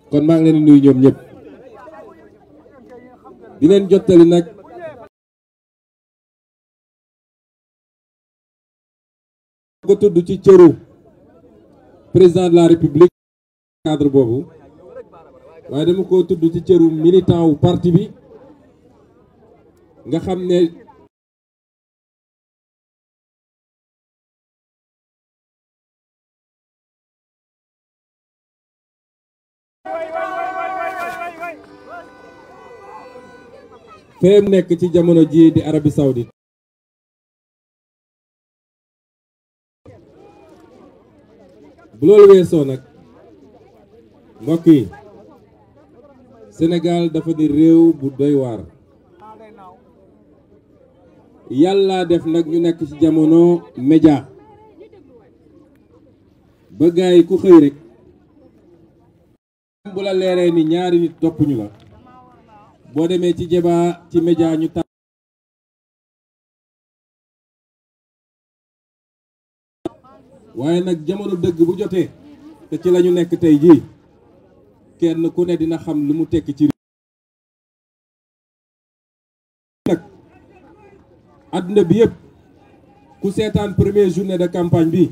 kon maa ngi leen di nuyu ñoom ñëpp di jottali nag ko tudd ci cëru président la république cadre boobu waaye dama ko tudd ci cëru militant wu parti bi nga xam ne fee nekk ci jamono ji di arabi Saoudite bu loolu weesoo nag mbokk yi senegal dafa di réew bu doy waar yàlla def nag ñu nekk ci jamono média ba gaay ku xëy rek bu la leeree ni ñaari nit toppuñu la bo demé ci djéba ci média ñu ta waaye nak jamono dëgg bu jotee té ci lañu nekk tay ji kenn ku né dina xam lu mu tekki ci nak aduna bi yépp ku sétane premier journée de campagne bi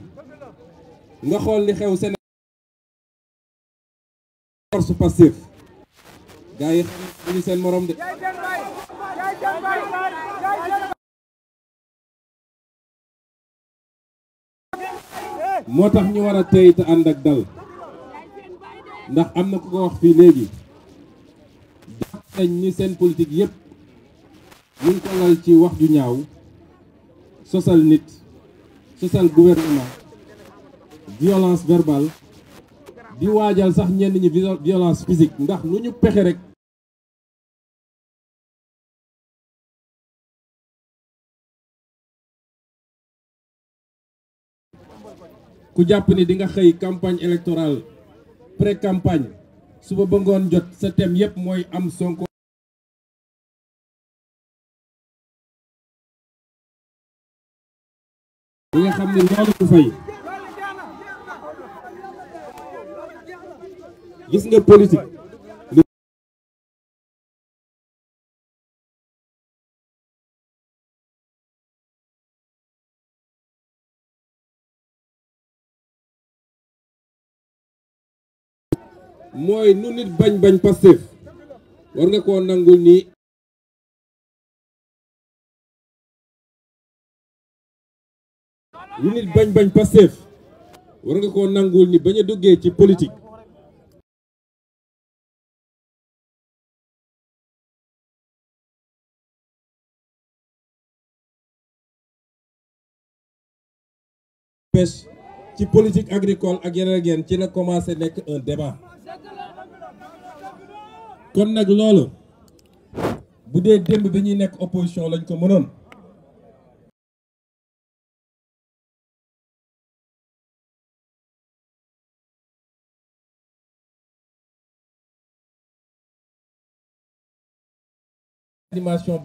nga xol li xew Sénégal force passive gaa seen morom de. moo tax ñu war a tey te ànd ak dal ndax am na ku ko wax fii léegi daf nañ ni seen politik yépp ñu ngi ko lal ci wax ju ñaaw sosal nit sosal gouvernement violence verbale di waajal sax ñenn ñi violence physique ndax lu ñu pexe rek ku jàpp ni di nga xëy campagne électorale pré campagne suba ba ngoon jot sa thème yépp mooy am Sonko li nga xam ne loolu du fay gis nga politique li mooy nu nit bañ bañ Pastef war nga koo nangul nii lu nit bañ bañ Pastef war nga koo nangul ni bañ a duggee ci politik pêche ci politique agricole ak yeneen ak ci la commencé nekk un débat kon nag loolu bu démb bi ñuy nekk opposition lañ ko mënoon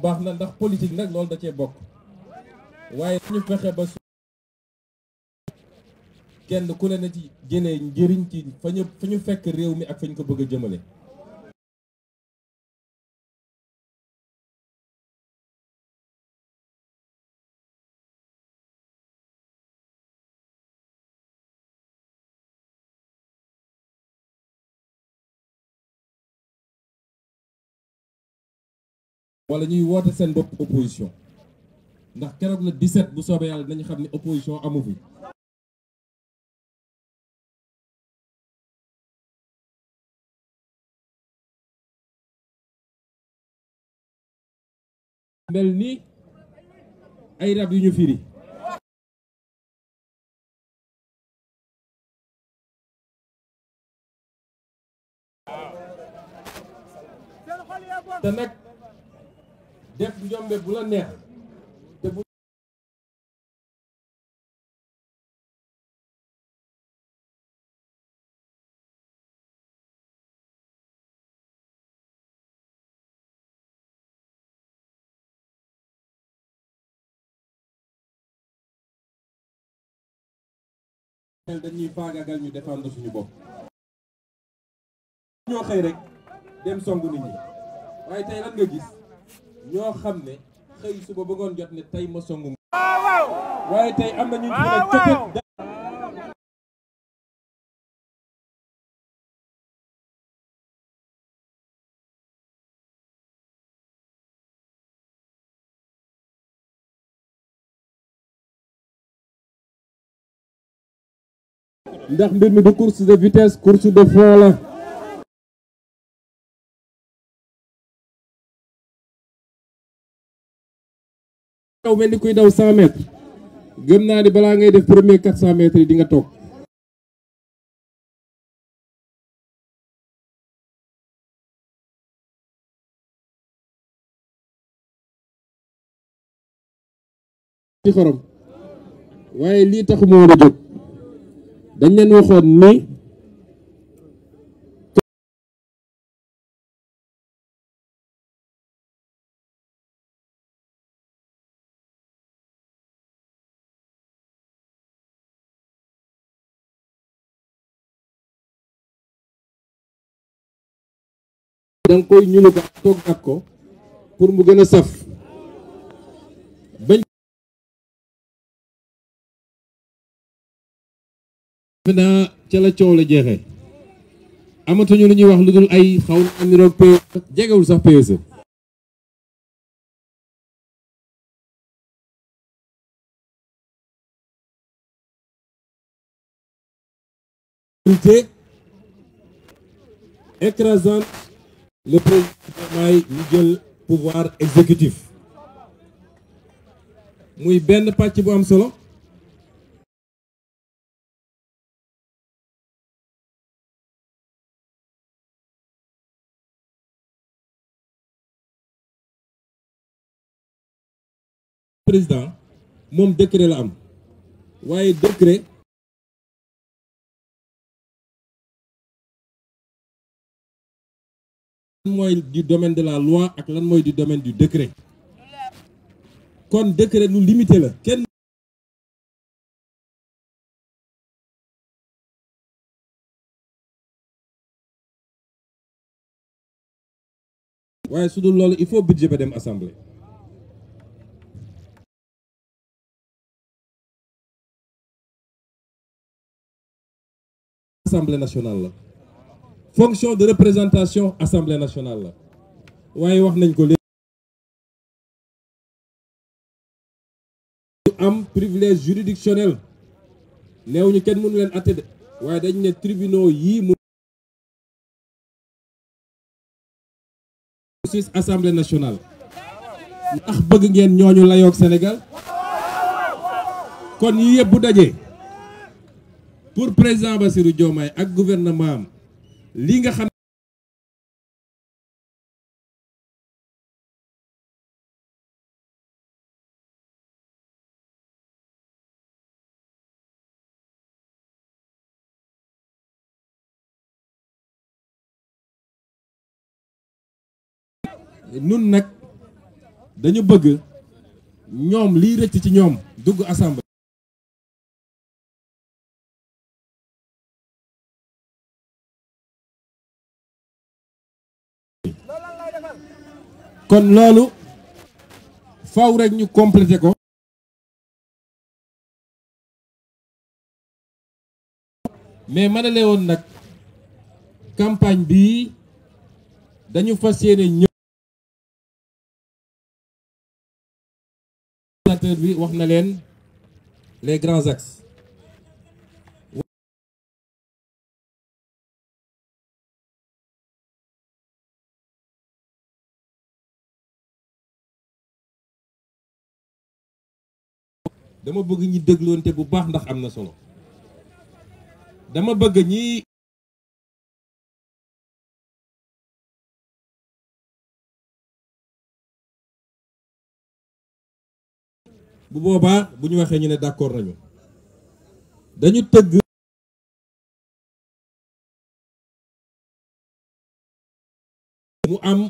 baax na ndax politique nag loolu da cee bokk kenn ku ci jëlee fekk réew mi ak fa ko bëgg a jëmale wala ñuy woote seen bopp opposition ndax keroog la 17 bu soobee yàlla xam ne opposition amu fi mel ni ay rab yu ñu firi te nag def jombe bu la neex dañuy faagagal ñu défendre suñu bopp ñoo xëy rek dem songu nit ñi waaye tey lan nga gis ñoo xam ne xëy suba bëggoon jot ne tey ma songu waaye tey am na ñu ci ne ndax mbir mi du course de vitesse course de fond la daw mel ni kuy daw 100 mètres ngay def premier 400 mètres toog ci xorom waaye lii taxu moo la jóg dañ leen waxoon ne da nga koy ñunu ko ko pour mu gën a saf defe ca la coow la jeexee amatuñu lu ñuy wax lu dul ay xaw na niroog PSE jegewul sax PSE muy benn pàcc bu am solo président mon décret la am décret du domaine de la loi ak lan du domaine du décret Quand décret nous limite il faut budget ba l'Assemblée. assemblée nationale fonction de représentation assemblée nationale Vous privilège juridictionnel dañ tribunaux assemblée nationale Nous bëgg ngeen Sénégal kon yi pour président Bassirou Diomaye ak gouvernement am li nga xam nun nag dañu bëgg ñoom lii rëcc ci ñoom dugg assemblée kon loolu faw rek ñu complété ko mais ma woon nag campagne bi dañu fas yéene ñëw bi wax na leen les grands axes dama bëgg ñi dégloonte bu baax ndax am na solo dama bëgg ñi bu boobaa bu ñu waxee ñu ne d'accord nañu dañu tëgg mu am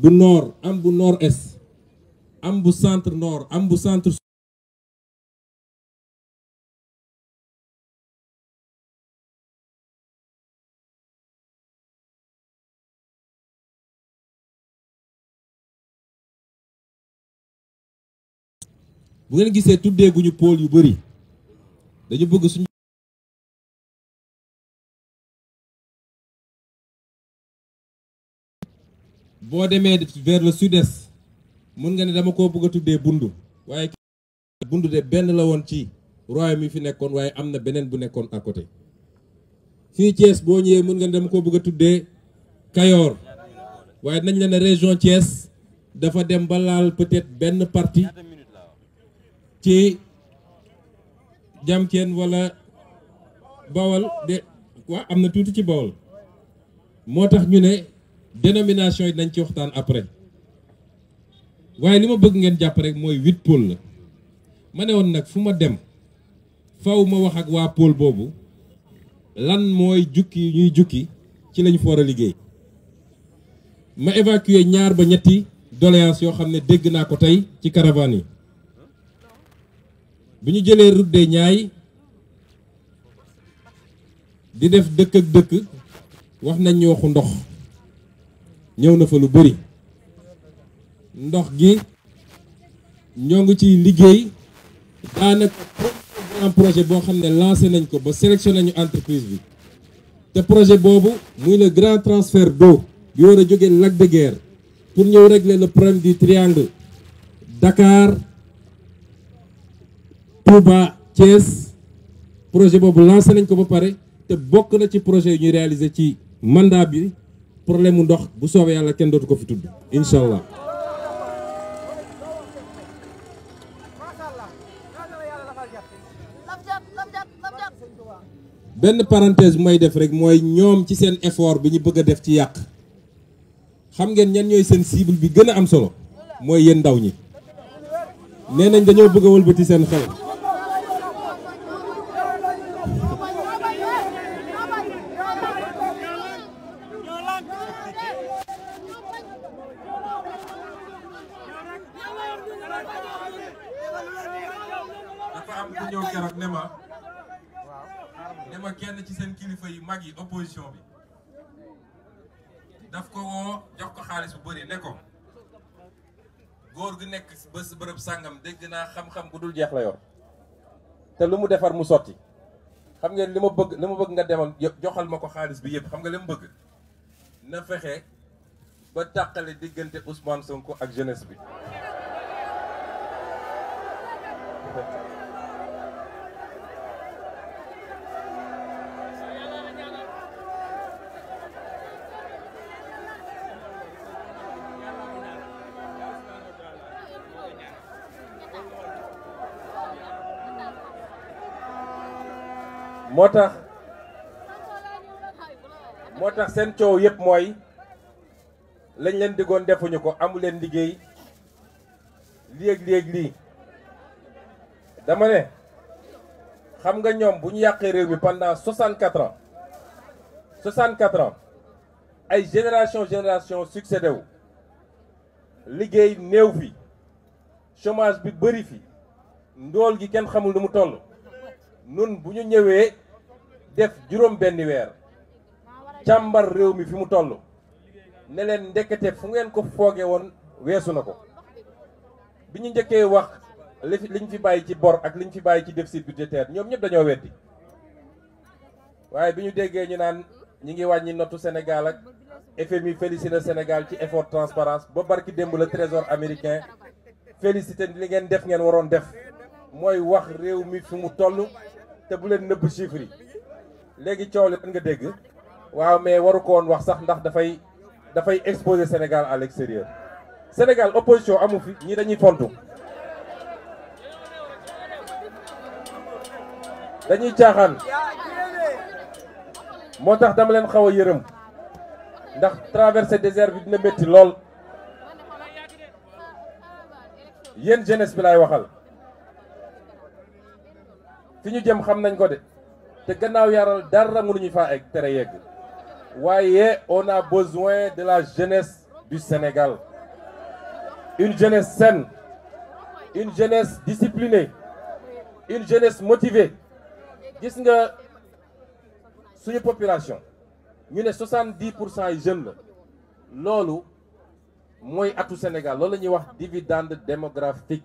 bu nord am bu nord est am bu centre nord am bu centre bu ngeen gisee tuddee guñu pôle yu bari dañu bëgg suñu boo demee vers le sud mën nga ne dama ko bëgg a tuddee bundu waaye bundu benn la ci royaume yi fi nekkoon waaye am na beneen bu nekkoon à côté fii boo ñëwee mën nga ne dama bëgg a tuddee Kayoor waaye nañ la ne région Thiès dafa dem ba laal peut benn partie ci Jamkéen wala Bawol de quoi amna tout ci Bawol motax ñu né dénomination dañ ci waxtaan après waaye li ma bëgg ngeen japp rek moy 8 pôle mané won nak fuma dem faaw ma wax ak wa pôle bobu lan moy jukki ñuy jukki ci lañ foor a ma évacuer ñaar ba ñetti doléances yo xamné dégg naa ko tey ci caravane yi bi ñu jëlee route des Niayes di def dëkk ak dëkk wax nañ ñu waxu ndox ñëw na fa lu bëri ndox gi ñoo ngi ciy liggéey daanaka grand projet boo xam ne lancé nañ ko ba sélectionné nañu entreprise bi te projet boobu muy le grand transfert do bi war a jógee Lac de Guiers pour ñëw régler le problème du triangle Dakar pour Touba Thiès projet boobu lancé nañ ko ba pare te bokk na ci projet yu ñuy réaliser ci mandat bi problème mu ndox bu soobee yàlla kenn dootu ko fi tudd incha allah. benn parenthèse mooy def rek mooy ñoom ci seen effort bi ñu bëgg a def ci yàq xam ngeen ñan ñooy seen cible bi gën a am solo mooy yéen ndaw ñi nee nañ dañoo bëgg a wëlbati seen xel. nag ne ma ne ma kenn ci seen kilifa yu mag yi opposition bi daf ko woo jox ko xaalis bu bari ne ko góor gi nekk ba bërëb sàngam dégg naa xam-xam bu dul jeex la yor te lu mu defar mu sotti xam ngeen li ma bëgg na ma bëgg nga demal joxal ma ko xaalis bi yëpp xam nga li ma bëgg na fexe ba tàqale diggante Ousmane Sonko ak jeunesse bi. motax motax sen tax yep moy lañ leen diggoon defuñu ko amu leen liggéey léeg dama ne xam nga ñom buñu yaqé réew mi pendant 64 ans 64 ans ay génération génération succédé wu liggéey néew fi chômage bi bëri fi ndol gi kenn xamul nu mu toll nun buñu ñëwé def juróom benni weer càmbar réew mi fi mu toll neleen leen ndekete fu ngeen ko fooge woon weesu na ko bi ñu njëkkee wax li liñ fi bàyyi ci bor ak liñ fi bàyyi ci déficit budgétaire ñoom ñëpp dañoo weddi waaye bi ñu déggee ñu naan ñi ngi wàññi nottu Sénégal ak FMI félicité Sénégal ci effort transparence ba barki démb la trésor américain félicité li ngeen def ngeen waroon def mooy wax réew mi fi mu toll te bu leen nëbb chiffres léegi coow li nga dégg waaw mais waru ko woon wax sax ndax dafay dafay exposer Sénégal à l'extérieur Sénégal opposition amu fi ñii dañuy fontu dañuy caaxaan moo tax dama leen xaw a yërëm ndax traverse désert bi dina métti lool yéen jeunesse bi laay waxal fi ñu jëm xam nañ ko de gannaaw on a besoin de la jeunesse du Sénégal une jeunesse saine une jeunesse disciplinée une jeunesse motivée gis nga suñu population ñu 70 jeune, jeunes Ce qui atu Sénégal lolu qui wax dividende démographique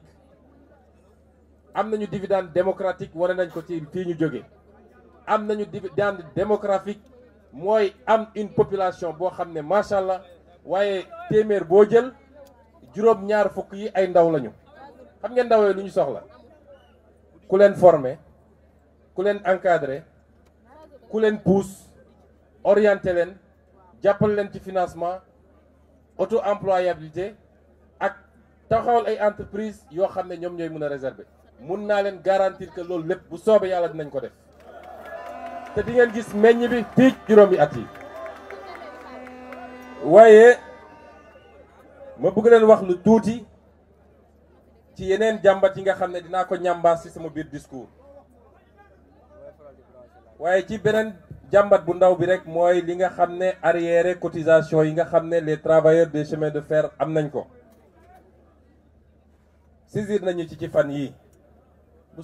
dividende démocratique nañ ko ci am nañu dividende démographique mooy am une population boo xam ne macha allah waaye téeméer boo jël juróom ñaar fukk yi ay ndaw lañu xam ngeen ndaw yi lu ñu soxla ku leen former ku leen encadrer ku leen pousse orienter leen jàppal leen ci financement auto employabilité ak taxawal ay entreprise yoo xam ne ñoom ñooy mën a réserver mun naa leen garantir que loolu lépp bu soobee yàlla dinañ ko def. te di ngeen gis meññ bi Je juróomi at ma bëgg leen wax lu tuuti ci yeneen jàmbat yi nga xam ko sama discours waaye ci beneen jàmbat bu ndaw bi rek li nga ne cotisation les travailleurs des chemins de fer am nañ ko saisir nañu ci ci fan yi bu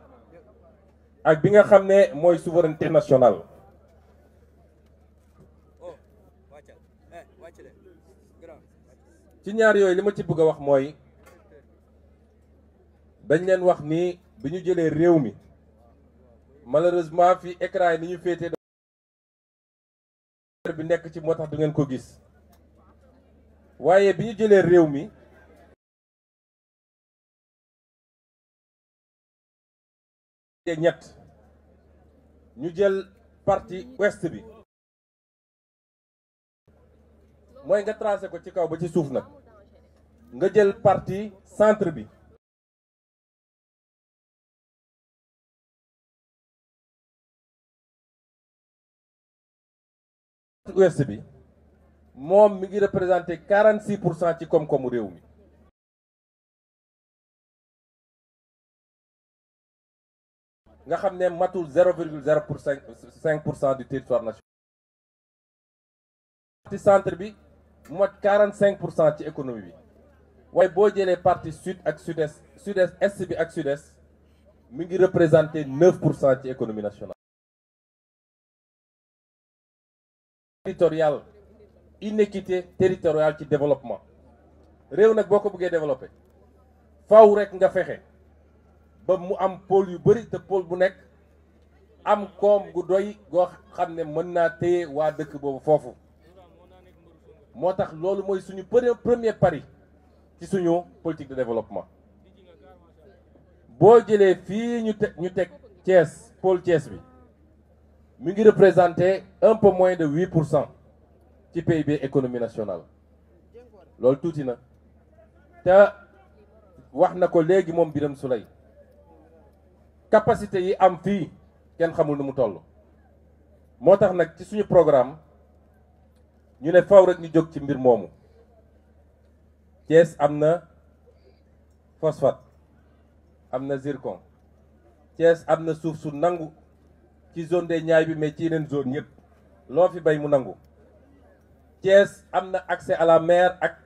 ak bi nga xam ne mooy souveraineté nationale ci ñaar yooyu lima ci bëgg a wax mooy dañ leen wax ni bi ñu jëlee réew mi malheureusement fi écran yi ni ñu féetee bi nekk ci moo tax du ngeen ko gis waaye bi ñu jëlee réew mi ñett ñu jël parti ouest bi mooy nga tracé ko ci kaw ba ci suuf nag nga jël parti centre bi ouest bi moom mi ngi représenté 46 pour cent ci koom-koomu réew mi nga avons ne matul 0,05% du territoire national parti centre bi mot 45% de l'économie. ci économie bi partie sud ak sud-est sud-est est bi ak sud-est mi ngi représenté 9% nationale territorial inéquité territoriale ci développement réew nag boo ko bëggee développé faw rek nga fexe mu am pôle yu bari te pôle bu nek am kom gu doy go mën dëkk suñu premier pari ci suñu politique de développement bo jëlé fi ñu ñu Thiès pôle Thiès un peu moins de 8% ci PIB économie nationale loolu tuuti na te wax na ko légui capacité yi am fii kenn xamul nu mu toll moo tax nag ci suñu programme ñu ne faw rek ñu jóg ci mbir moomu Thiès am na phosphate am na zircon Thiès am na suuf su nangu ci zone des Niayes bi mais ci yeneen zone yëpp loo fi bay mu nangu Thiès am na accès à la mer ak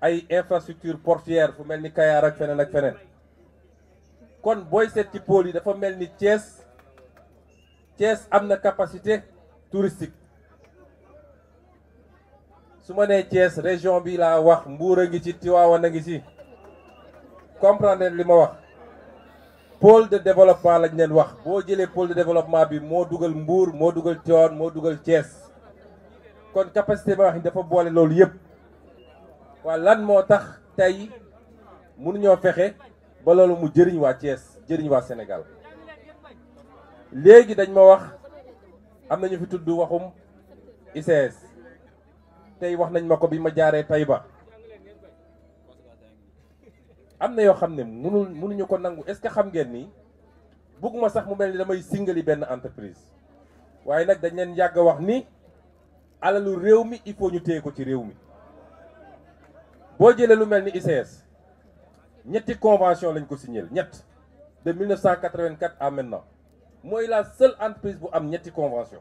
ay infrastructure portuaire fu mel ni Kayar ak feneen ak feneen kon booy seet ci pôle yi dafa melni ni Thiès Thiès am capacité touristique suma né nee Thiès région bi la wax Mbour a ci Tivaouane a ngi ci comprendre li ma wax pôle de développement lañ leen wax bo jëlee pôle de développement bi mo duggal Mbour mo duggal Tivaouane mo duggal Thiès kon capacité ba wax dafa bolé loolu yépp wa lan motax tay mënu ñoo fexé ba loolu mu jëriñ waa Thiès jëriñ waa senegal léegi dañ ma wax am nañu fi tudd waxum ICS tey wax nañ ma ko bi ma jaaree Taïba am na yoo xam ne mënul mënuñu ko nangu est-ce que xam ngeen ni bëgguma sax mu mel ni damay singali benn entreprise waaye nag dañ leen yàgg wax ni alalu réew mi il faut ñu téye ko ci réew mi boo jëlee lu mel ni ICS ñetti convention lañ ko signé ñett de 1984 à maintenant mooy la seule entreprise bu am ñetti convention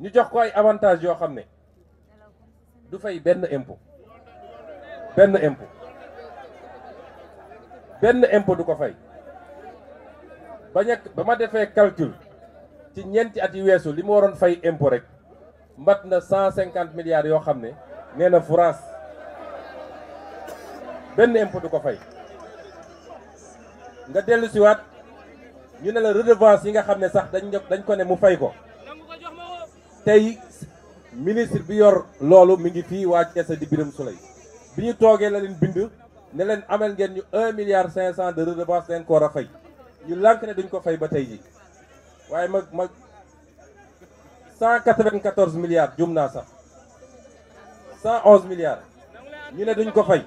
ñu jox ko ay avantages avantage xam ne du fay benn impôt benn impôt benn impôt du ko fay ba ñekk ba ma defee calcul ci ñeenti at yi weesu li ma waroon fay impôt rek mat na 150 milliards yoo xam ne nee na France benn impôt du ko fay nga dellu siwaat ñu ne la redevance yi nga xam ne sax dañ dañ ko ne mu fay ko tey ministre bi yor loolu mi ngi fii waa Ceesa di Birame Souleye bi ñu toogee la leen bind ne leen ameel ngeen ñu un milliard cinq cent de redevance leen ko war a fay ñu lànk ne duñ ko fay ba tey ji waaye mag mag cent quatre-vingt-quatorze milliards jum naa sax cent onze milliards ñu ne duñ ko fay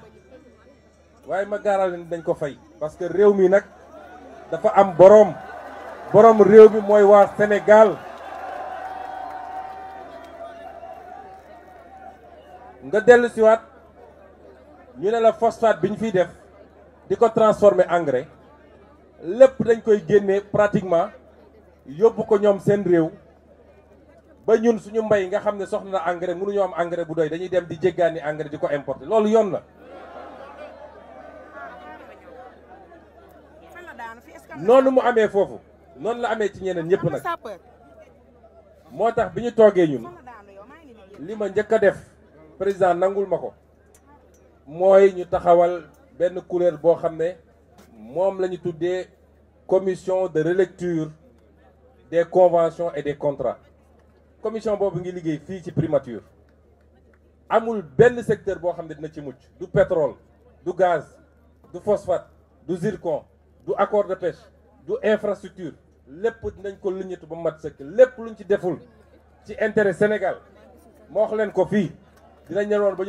waye ma garal leen dañ ko fay parce que rew mi nak dafa am borom borom rew mi moy wa senegal nga ci wat ñu ne la phosphate biñ fi def di ko transformer engrais lepp dañ koy génné pratiquement yobbu ko ñom sen rew ba ñun suñu mbay nga xam soxna na engrais mënuñoo am engrais bu doy dañuy dem di jéggani engrais diko ko importer lolu yoon la Non nous sommes la amé ci ñeneen ñun président nangul mako moy ñu taxawal benn couleur bo xamné mom la commission de relecture des conventions et des contrats commission bobu ngi liggéey fi ci primature amul benn secteur bo xamné dina ci mucc du pétrole du gaz du phosphate du zircon du accord de pêche du infrastructure les dinañ ko luñetu ba mat lepp luñ ci deful ci intérêt Sénégal mo wax ko fi dinañ ba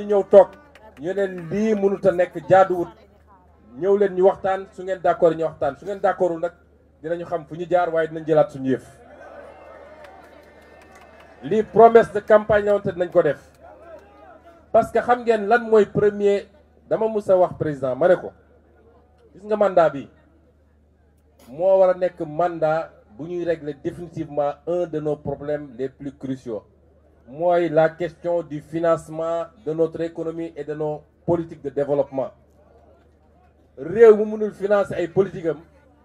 a jaadu wut ñëw leen ñu waxtaan su ngeen d'accord ñu waxtaan su ngeen d'accordul nak dinañu xam fu jaar dinañ suñu promesse de campagne parce que xam ngeen lan moy premier dama président ko gis mandat moi voilà a mandat bu régler définitivement un de nos problèmes les plus cruciaux Moi, la question du financement de notre économie et de nos politiques de développement réew mu mënul financer ay politique am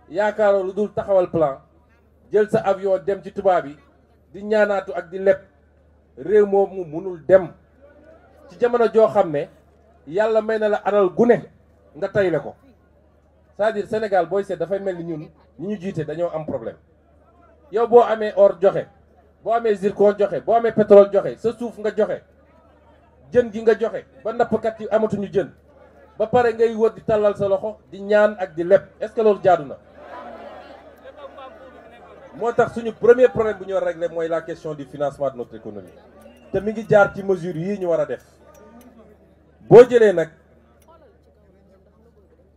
yaakaaroo lu taxawal plan jël sa avion dem ci tubaab yi di ñaanaatu ak di leb réew moomu mënul dem ci jamono joo y a yàlla may à la aral gune nga le ko c'est-à-dire Sénégal problème or amé zircon des amé pétrole ce des nga gi ba est-ce que premier problème régler la question du financement de notre économie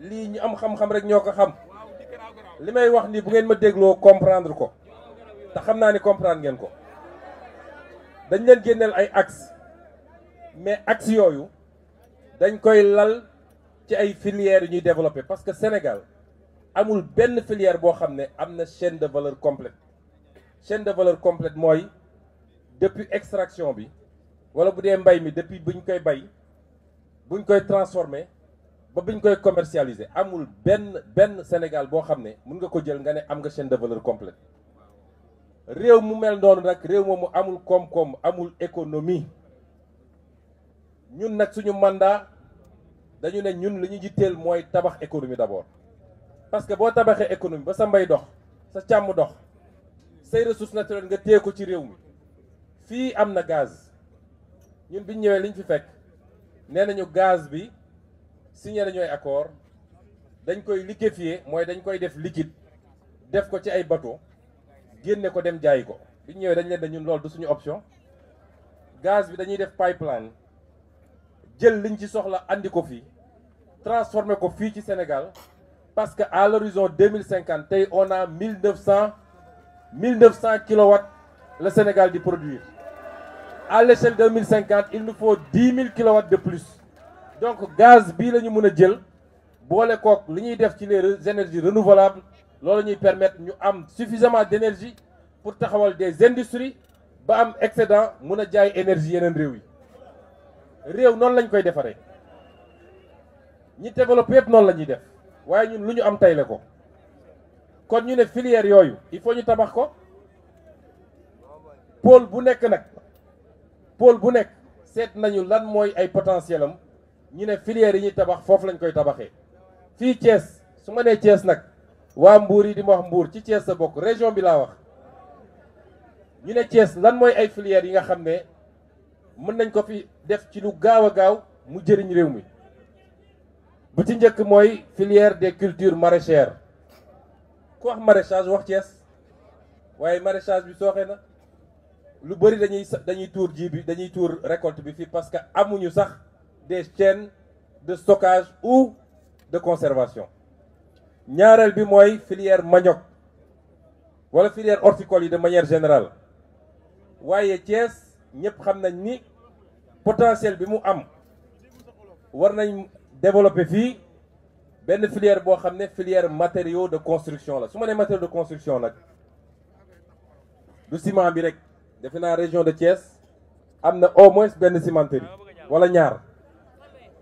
li ñu am xam-xam rek ñoko xam limay wax ni bu ngeen ma dégloo comprendre ko te xam naa ni comprendre ngeen ko dañ leen génneel ay axe mais axe yooyu dañ koy lal ci ay filières yu ñuy développé parce que Sénégal amul benn filière boo xam ne am na chaîne de valeur complète chaîne de valeur complète mooy depuis extraction bi wala bu dee mbay mi depuis buñ koy bay buñ koy transformé ba ñu koy commercialiser amul benn benn Sénégal boo xam ne mun nga ko jël nga ne am nga chaîne de valeur réew mu mel noonu nag réew mu amul koom-koom amul économie ñun nag suñu mandat dañu ne ñun li ñu jitteel mooy tabax économie d'abord parce que boo tabaxee économie ba sa mbay dox sa càmm dox say ressources naturelles nga téye ko ci réew mi fii am na gaz ñun biñ ñëwee liñ fi fekk nee nañu gaz bi signé nañu ay accord dañ koy liquéfier mooy dañ koy def liquide def ko ci ay bateau nous ko dem jaayi ko bi ñëwee dañ un ñun du suñu option gaz bi dañuy def pipeline jël liñ ci soxla andi ko transformer ko Sénégal parce que à l'horizon 2050 on a 1900 1900 kilowatts le Sénégal de produire à l'échelle 2050 il nous faut 10 000 kilowatts de plus donc gaz bi le mëna énergies renouvelables qui nous permettre ñu suffisamment d'énergie pour taxawal des industries ba am excédent mëna jaay énergie yeneen réew lañ koy ñi def am ko il faut ñu tabax ko pôle bu pôle bu nekk potentiel ñu ne filière yi ñi tabax fofu lañ koy tabaxé fi Thiès suma né nee Thiès nag waa Mbour yi di wax Mbour ci Thiès sa bok région bi la wax ñu ne Thiès lan moy ay filière yi nga xamné ne mën nañ ko fi def ci lu gaaw gaaw mu jëriñ réew mi bu ci ñëk moy filière des cultures maraîchères ko wax maraîchage wax Thiès waye maraîchage bi soxé na lu bari dañuy dañuy tour ji bi dañuy tour récolte bi fi parce que amuñu sax des chaînes de stockage ou de conservation Nous bi filière manioc wala filière horticole de manière générale Nous Thiès ñëpp xam ni potentiel bi mu am war nañ développer fi ben filière bo filière matériaux de construction la su ma matériaux de construction nak du ciment bi rek defe région de Thiès amna au moins ben cimenterie wala ñaar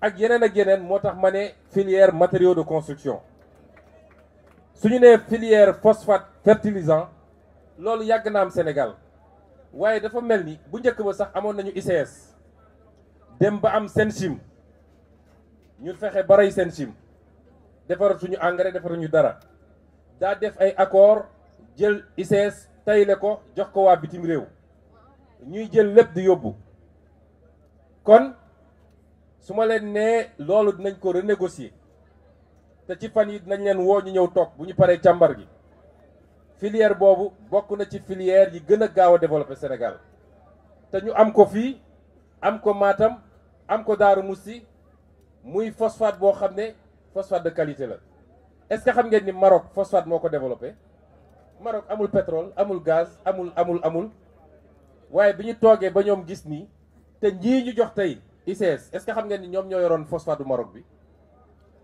ak yenen ak yenen motax mané filière matériaux de construction suñu né filière phosphate fertilisant lolou yàgg na am Sénégal waaye dafa melni bu njëkk ba sax amon nañu ICS dem ba am Senchim ñu fexe baray Senchim defaratuñu engrais ñu dara da def ay accord jël ICS tayle ko jox ko wa bitim réew ñuy jël lépp di yobbu kon su ma leen nee loolu dinañ ko renégocier te ci fan yi dinañ leen woo ñu ñëw toog bu ñu paree càmbar gi filière boobu bokk na ci filière yi gën a gaaw a développé Sénégal te ñu am ko fii am ko maatam am ko Daaru mussi muy phosphate boo xam ne phosphate de qualité la est-ce que xam ngeen ni Maroc phosphate moo ko développé Maroc amul pétrole amul gaz amul amul amul waaye bi ñu toogee ba ñoom gis nii te ñii ñu jox tey ICS est-ce que xam savez ni ñoom ñoo phosphate du Maroc bi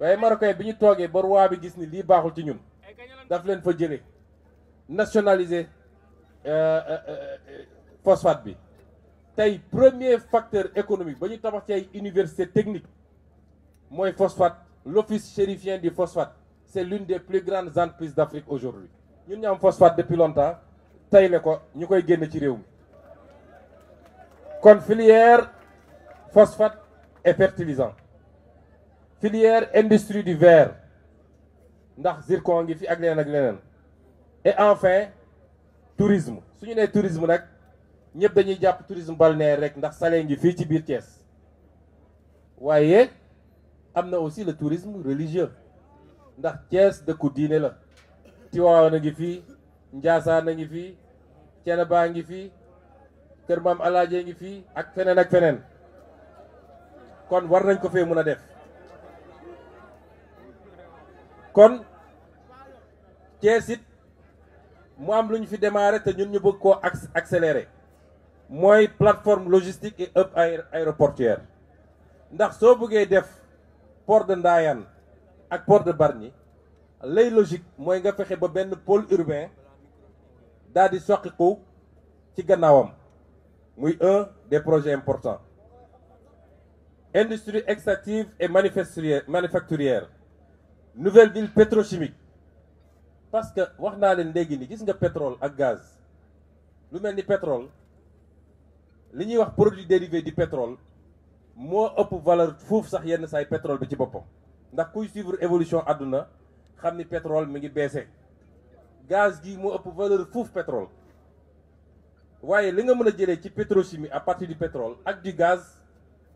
waaye marocain bi ñu toogee ba roi bi gis ni lii baaxul ci ñun daf leen fa jëlee nationaliser euh, euh, euh, phosphate bi le premier facteur économique ba ñu tabax ci l'université université technique mooy phosphate l'office chérifien du phosphate c'est l'une des plus grandes entreprises d'Afrique aujourd'hui ñun avons phosphate depuis longtemps C'est le ko ñu koy ci filière phosphate et fertilisant filière industrie du verre ndax zircon ngi fi ak leneen ak leneen et enfin tourisme su ñu nee tourisme nag ñëpp dañuy jàpp tourisme balnéaire rek ndax Salé ngi fii ci biir Thiès waaye am aussi le tourisme religieux ndax Thiès dëkku diine la Tivaouane a ngi fii Ndiassane a ngi fii Thiénaba a ngi fii Kër Maam Alaaji a ngi ak feneen ak feneen kon war nañ ko fee mën a def kon Thiès it mu am lu ñu fi démarré te ñun ñu bëgg koo accéléré mooy plateforme logistique et hub aéroportuaire ndax soo bëggee def port de Ndayane ak port de Bargny lay logique mooy nga fexe ba benn pôle urbain daal di soqiku ci gannaawam muy un des projets importants industrie extractive et manufacturière nouvelle ville pétrochimique parce que vous savez, nous avons le gis nga pétrole ak gaz Nous mel le pétrole les produits wax produit dérivé du pétrole ont ëpp valeur fouf sax yenn de pétrole bi ci suivi l'évolution kuy suivre évolution savez que le pétrole mi ngi baissé gaz gi mo ëpp valeur le pétrole ce li nga pouvez a que le pétrochimie à partir du pétrole et du gaz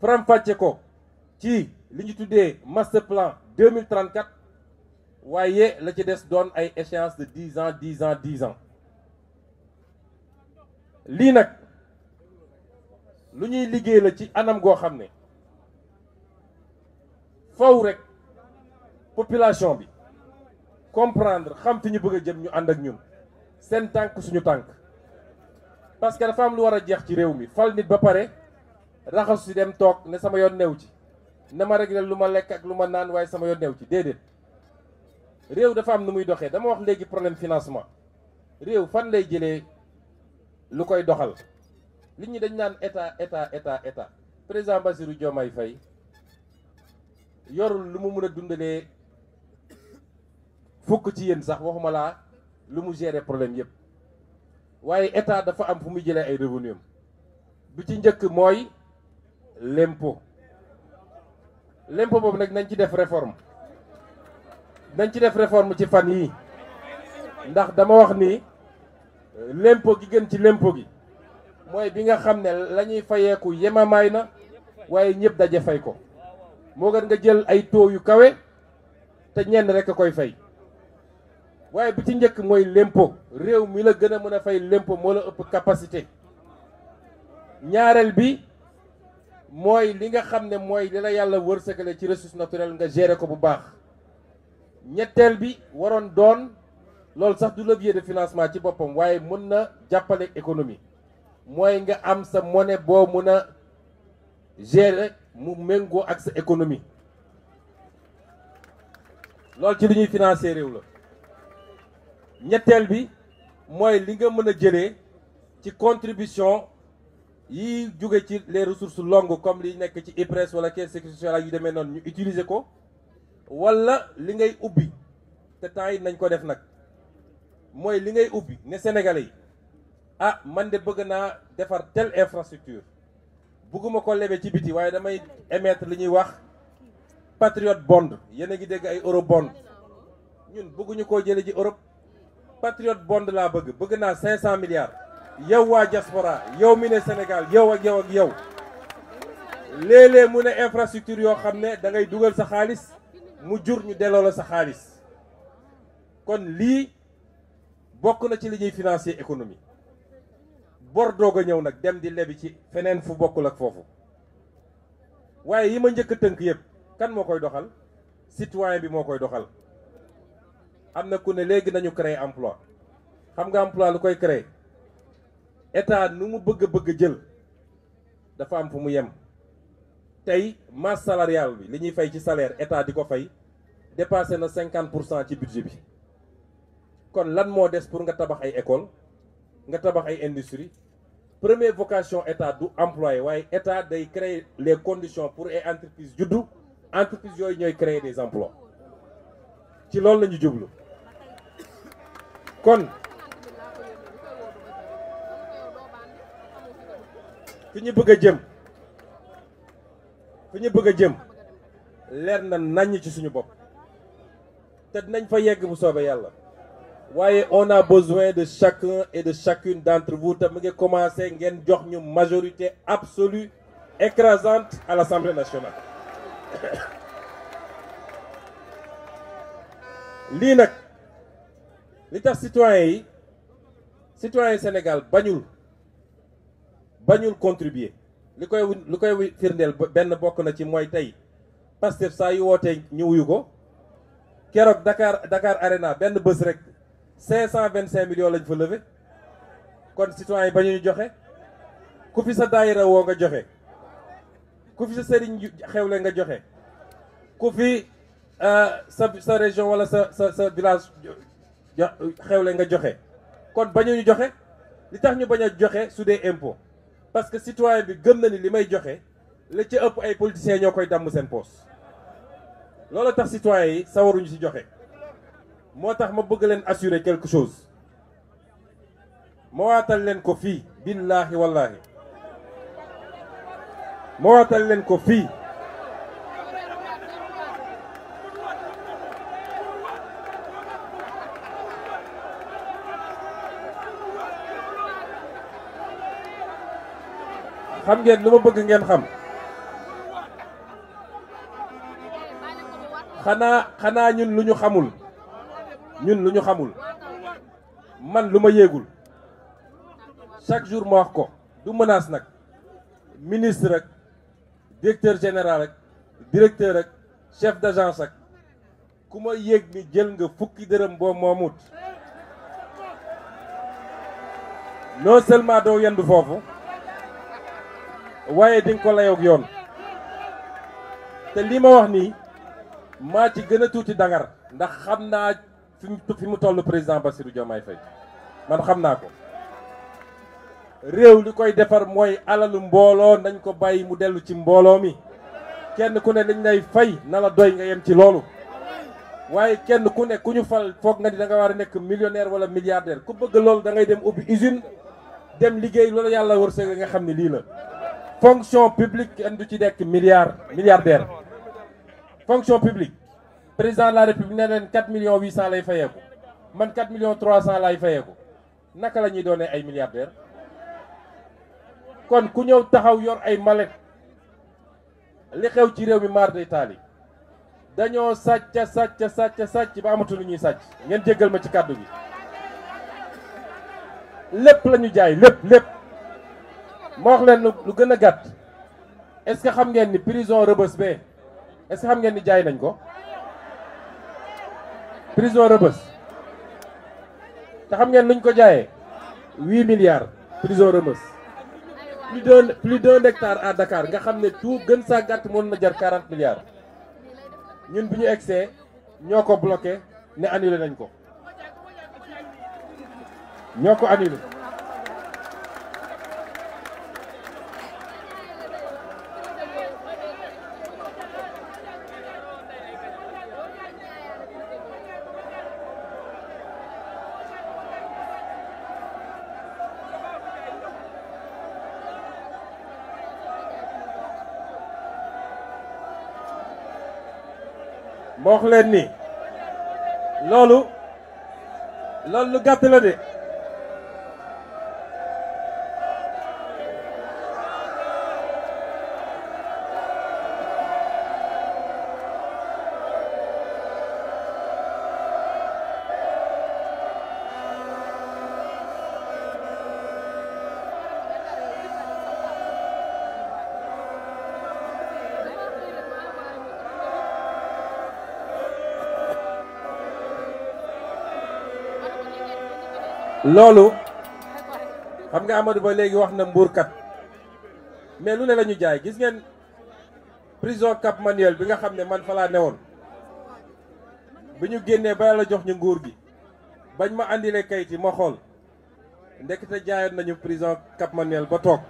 Fram Fatcheko, qui, ci master plan 2034 voyez la ci des échéance de 10 ans 10 ans 10 ans Ce qui est le liggéey la ci anam nous population bi comprendre nous nous bëgg nous jëm ñu parce que la femme lu a jeex ci réew mi fal raxas si dem toog ne sama yoon new ci na ma réglé lu ma lekk ak lu ma naan waaye sama yoon new ci déedéet réew dafa am nu muy doxee dama wax léegi problème financement réew fan lay jëlee lu koy doxal li ñu dañ naan état état état état président Bassirou Diomaye fay yorul lu mu mën a dundalee fukk ci yéen sax waxuma laa lu mu gérer problème yëpp waaye état dafa am fu muy jëlee ay revenu bu ci njëkk mooy l'impôt l'impôt boobu nag nañ ci def réforme nañ ci def réforme ci fan yii ndax dama wax ni lempo gi gën ci lempo gi mooy bi nga xam ne lañuy ñuy fayeeku yemamaay na waaye ñëpp daje fay ko moo gën nga jël ay too yu kawe te ñenn rek a koy fay waaye bi ci njëkk mooy lempo réew mi la gën a mën a fay lempo moo la ëpp capacité ñaareel bi moy li nga xamné moy mooy li la yàlla wërsëgale ci ressource naturelle nga géré ko bu baax ñettel bi waron doon lool sax du levier de financement ci boppam waye mën na jappalé économie moy nga am sa monnaie bo mën a gérer mu mengo ak sa économie lool ci li ñuy financer réew la ñettel bi moy li nga mëna jëlé ci contribution yi jóge ci les ressources longues comme li nek ci IPRES wala caisse sécurité sociale yu demee non ñu utiliser ko wala li ngay ubbi té temps yi nañ ko def nak moy li ngay ubbi né sénégalais yi ah man dé bëgg naa defar telle infrastructure bëgguma ko lebe ci biti waaye damay émettre li ñuy wax patriote bond yéen gi dégg ay euro bond ñun bëgguñu koo jële ci Europe patriote bond la bëgg bëgg naa cinq milliards yow waa diaspora yow mi ne Sénégal yow ak yow ak yow léeg-léeg mu ne infrastructure yoo xam ne dangay dugal sa xaalis mu jur ñu delloo la sa xaalis kon lii bokk na ci li ñuy financer économie bor doog a ñëw nag dem di lebi ci feneen fu bokkul ak foofu waaye yi ma njëkk a tënk yëpp kan moo koy doxal citoyen bi moo koy doxal am na ku ne léegi nañu créer emploi xam nga emploi lu koy créer état nu mu bëgg a bëgg la jël dafa am fu mu yem masse salariale bi li ñuy salaire état di ko fay dépassé na 50 du budget bi kon lan moo des pour nga tabax ay école nga tabax ay industrie première vocation état du employé waaye état day créer les conditions pour ay entreprise juddu entreprise yooyu créer des emplois ci loolu la ñu Quand fi bëgg jëm fi que bëgg jëm leer na naññ ci suñu bopp te nañ fa yegg bu soobé yalla wayé on a besoin de chacun et de chacune d'entre vous pour commencer à commencé une jox ñu majorité absolue écrasante à l'Assemblée nationale L'état nak li tax citoyens yi citoyens Sénégal bañul bañul contribuer li koy li koy firndeel benn bokk na ci mooy tey Pastef saa yi wootee ñu wuyu ko keroog Dakar Dakar Arena benn bés rek cinq cent vingt cinq millions lañ fa levé kon citoyens yi bañu joxe ku fi sa daayira nga joxe ku fi sa sëriñ xewle nga joxe ku fi euh, sa sa région wala sa sa sa village xewle nga joxe kon bañu ñu joxe li tax ñu bañ a joxe su dee impôt parce que citoyen bi gëm na ni limay joxé ci ëpp ay politiciens ñokoy sen poste tax citoyen yi ñu ci ma assurer quelque chose Je leen ko fi billahi wallahi xam ngeen lu ma bëgg ngeen xam xanaa xanaa ñun lu ñu xamul ñun lu ñu xamul man lu ma yéegul chaque jour ma wax ko du menace nag ministre ak directeur général ak directeur ak chef d'agence ak ku ma yéeg ni jël nga fukki dërëm boo moomut noo seulement doo yendu foofu waaye di nga ko layoog yoon te lii ma wax nii maa ci gën a tuuti dangar ndax xam naa fi mu toll président Bassirou Diomaye Faye man xam naa ko réew li koy defar mooy alalu mbooloo nañ ko bàyyi mu dellu ci mbooloo mi kenn ku ne dañ lay fay na la doy nga yem ci loolu waaye kenn ku ne ku ñu fal foog nga ni da nga war a nekk millionaire wala milliardaire ku bëgg loolu da dem ubbi usine dem liggéey loolu yàlla wërsëg nga xam ni lii la fonction publique milliard milliardaire fonction publique président de la république ne 4 millions 800 lay man 4 millions 300 lay ay milliardaire kon ku taxaw yor ay li xew ci réew mi ba moo wax lu gën a gàtt est-ce que xam ngeen ni prison Rebeuss bee est xam ngeen ni jaay nañ ko prison Rebeuss te xam ngeen luñ ko jaayee huit milliards prison Rebeuss plus d'un plus hectare à Dakar nga xam ne tu gën saa gàtt mën na jar quarante milliards ñun bu ñu egsee ñoo ko bloqué ne annulé nañ ko ñoo ko annulé ma wax leen ni loolu loolu lu gàtt la de loolu xam nga Amadou Ba léegi wax na mbuurkat mais lu ne la ñu jaay gis ngeen prison Cap Manuel bi nga xam ne man fa laa woon bi ñu génnee ba la jox ñu nguur bi bañ ma àndile kayit yi ma xool ndekete jaayoon nañu prison Cap Manuel ba toog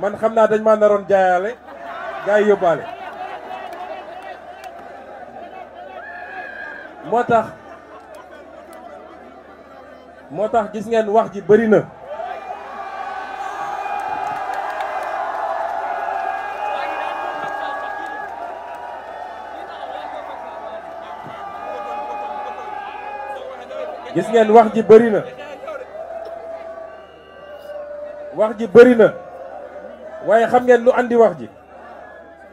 man xam naa dañ ma naroon jaayaale gars yi yóbbaale moo tax motax gis ngeen wax ji bari na gis ngeen wax ji bari na wax ji bari na waye xam ngeen lu andi wax ji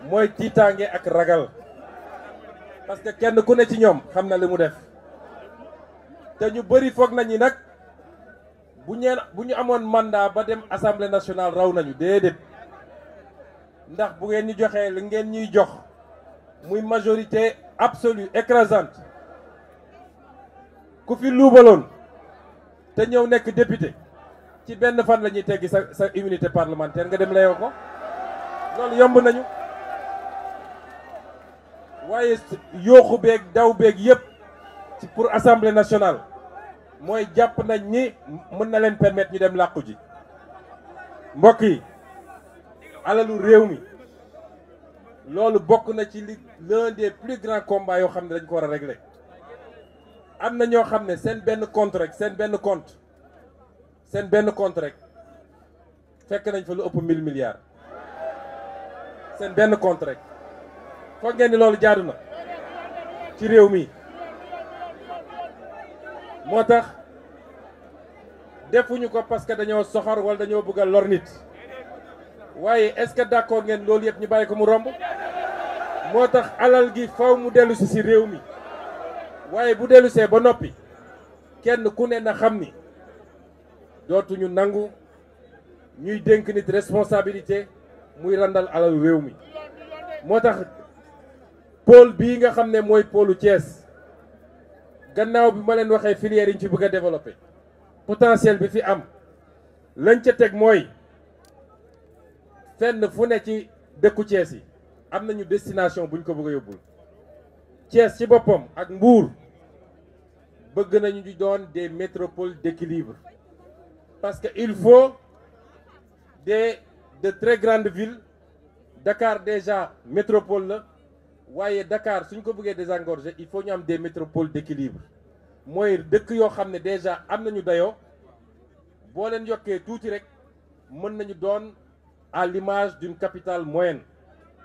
moy titangé ak ragal parce que kenn ku ne ci ñom xam na nyinak. def té ñu nañu nak bu ñeen bu mandat ba dem assemblée nationale raw nañu déedéet ndax bu ngeen ñi joxee li ngeen ñi jox muy majorité absolue écrasante ku fi luubaloon te ñew nek député ci benn fan la téggi sa sa immunité parlementaire nga dem lay ko loolu yomb nañu waye yooxu beeg daw beek yépp ci pour assemblée nationale mooy jàpp nañ ni mën na leen permettre ñu dem làqu ji mbokk yi alalu réew mi loolu bokk na ci li l'un des plus grands combats yoo xam ne dañ ko war a régler am na ñoo xam ne seen benn compte rek seen benn compte seen benn compte rek fekk nañ fa lu ëpp mille milliards seen benn compte rek foog ngeen ni loolu jaadu na ci réew mi moo tax defuñu ko parce que dañoo soxor wala dañoo bëgg a lor nit waaye est-ce que d'accord ngeen loolu yëpp ñu bàyyi ko mu romb moo tax alal gi faw mu dellu si si réew mi waaye bu dellu see ba noppi kenn ku ne na xam ni dootuñu nangu ñuy dénk nit responsabilité muy randal alal réew mi moo tax pôle bii nga xam ne mooy poolu Thiès gannaaw bi ma leen waxee filière yi ci bëgg a développer potentiel bi fi am lañ ca teg mooy fenn fu ne ci dëkku Thiès yi am nañu destination buñ ko bëgg a yóbbul Thiès ci boppam ak Mbour bëgg nañu di doon des métropoles d'équilibre parce que il faut des de très grandes villes Dakar déjà métropole la mais Dakar suñ ko bëggee désengorger il faut des métropoles d'équilibre cest dëkk dire xam déjà amené nañu dayoo boo leen tout tuuti rek on nous doon à l'image d'une capitale moyenne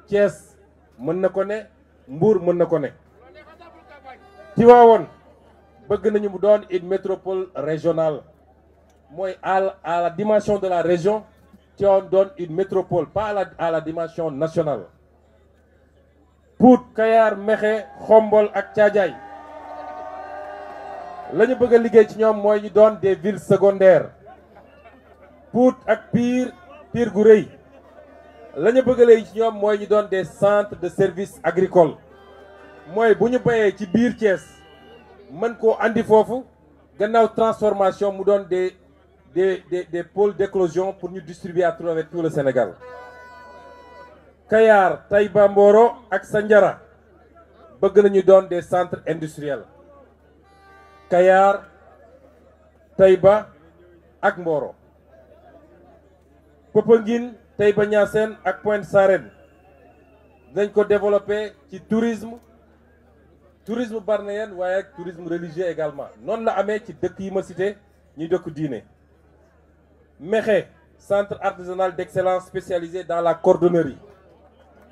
Thiès On le ko ne Mbour mën On ko ne Tivaouane bëgg nañu mu doon une métropole régionale à la dimension de la région on donne une métropole pas à la dimension nationale Pout Kayar Mexe Khombol ak Caajaay lañu ñu bëgg a liggéey ci ñoom mooy ñu doon des villes secondaires Pout ak Pire Pire gu rëy la bëgg a ci ñoom mooy ñu doon des centres de service agricole mooy bu ñu béyee ci biir Thiès mën koo andi foofu gannaaw transformation mu doon des des des des pôles d'éclosion pour ñu distribuer à travers tout le Sénégal Kayar Taïba Mboro et Sanjara veulent nañu des centres industriels Kayar Taïba et Mboro Popenguine Taïba Nyasen, et Pointe Sarène veulent développer le tourisme tourisme barnéen et tourisme religieux également Nous la des ci dëkk yi cité centre artisanal d'excellence spécialisé dans la cordonnerie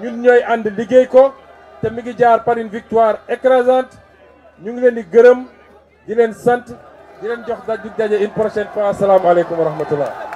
ñun ñooy ànd liggéey ko te mi ngi jaar par une victoire écrasante ñu ngi leen di gërëm di leen sant di leen jox daj di daje une prochaine fois asalaamaaleykum wa rahmatullah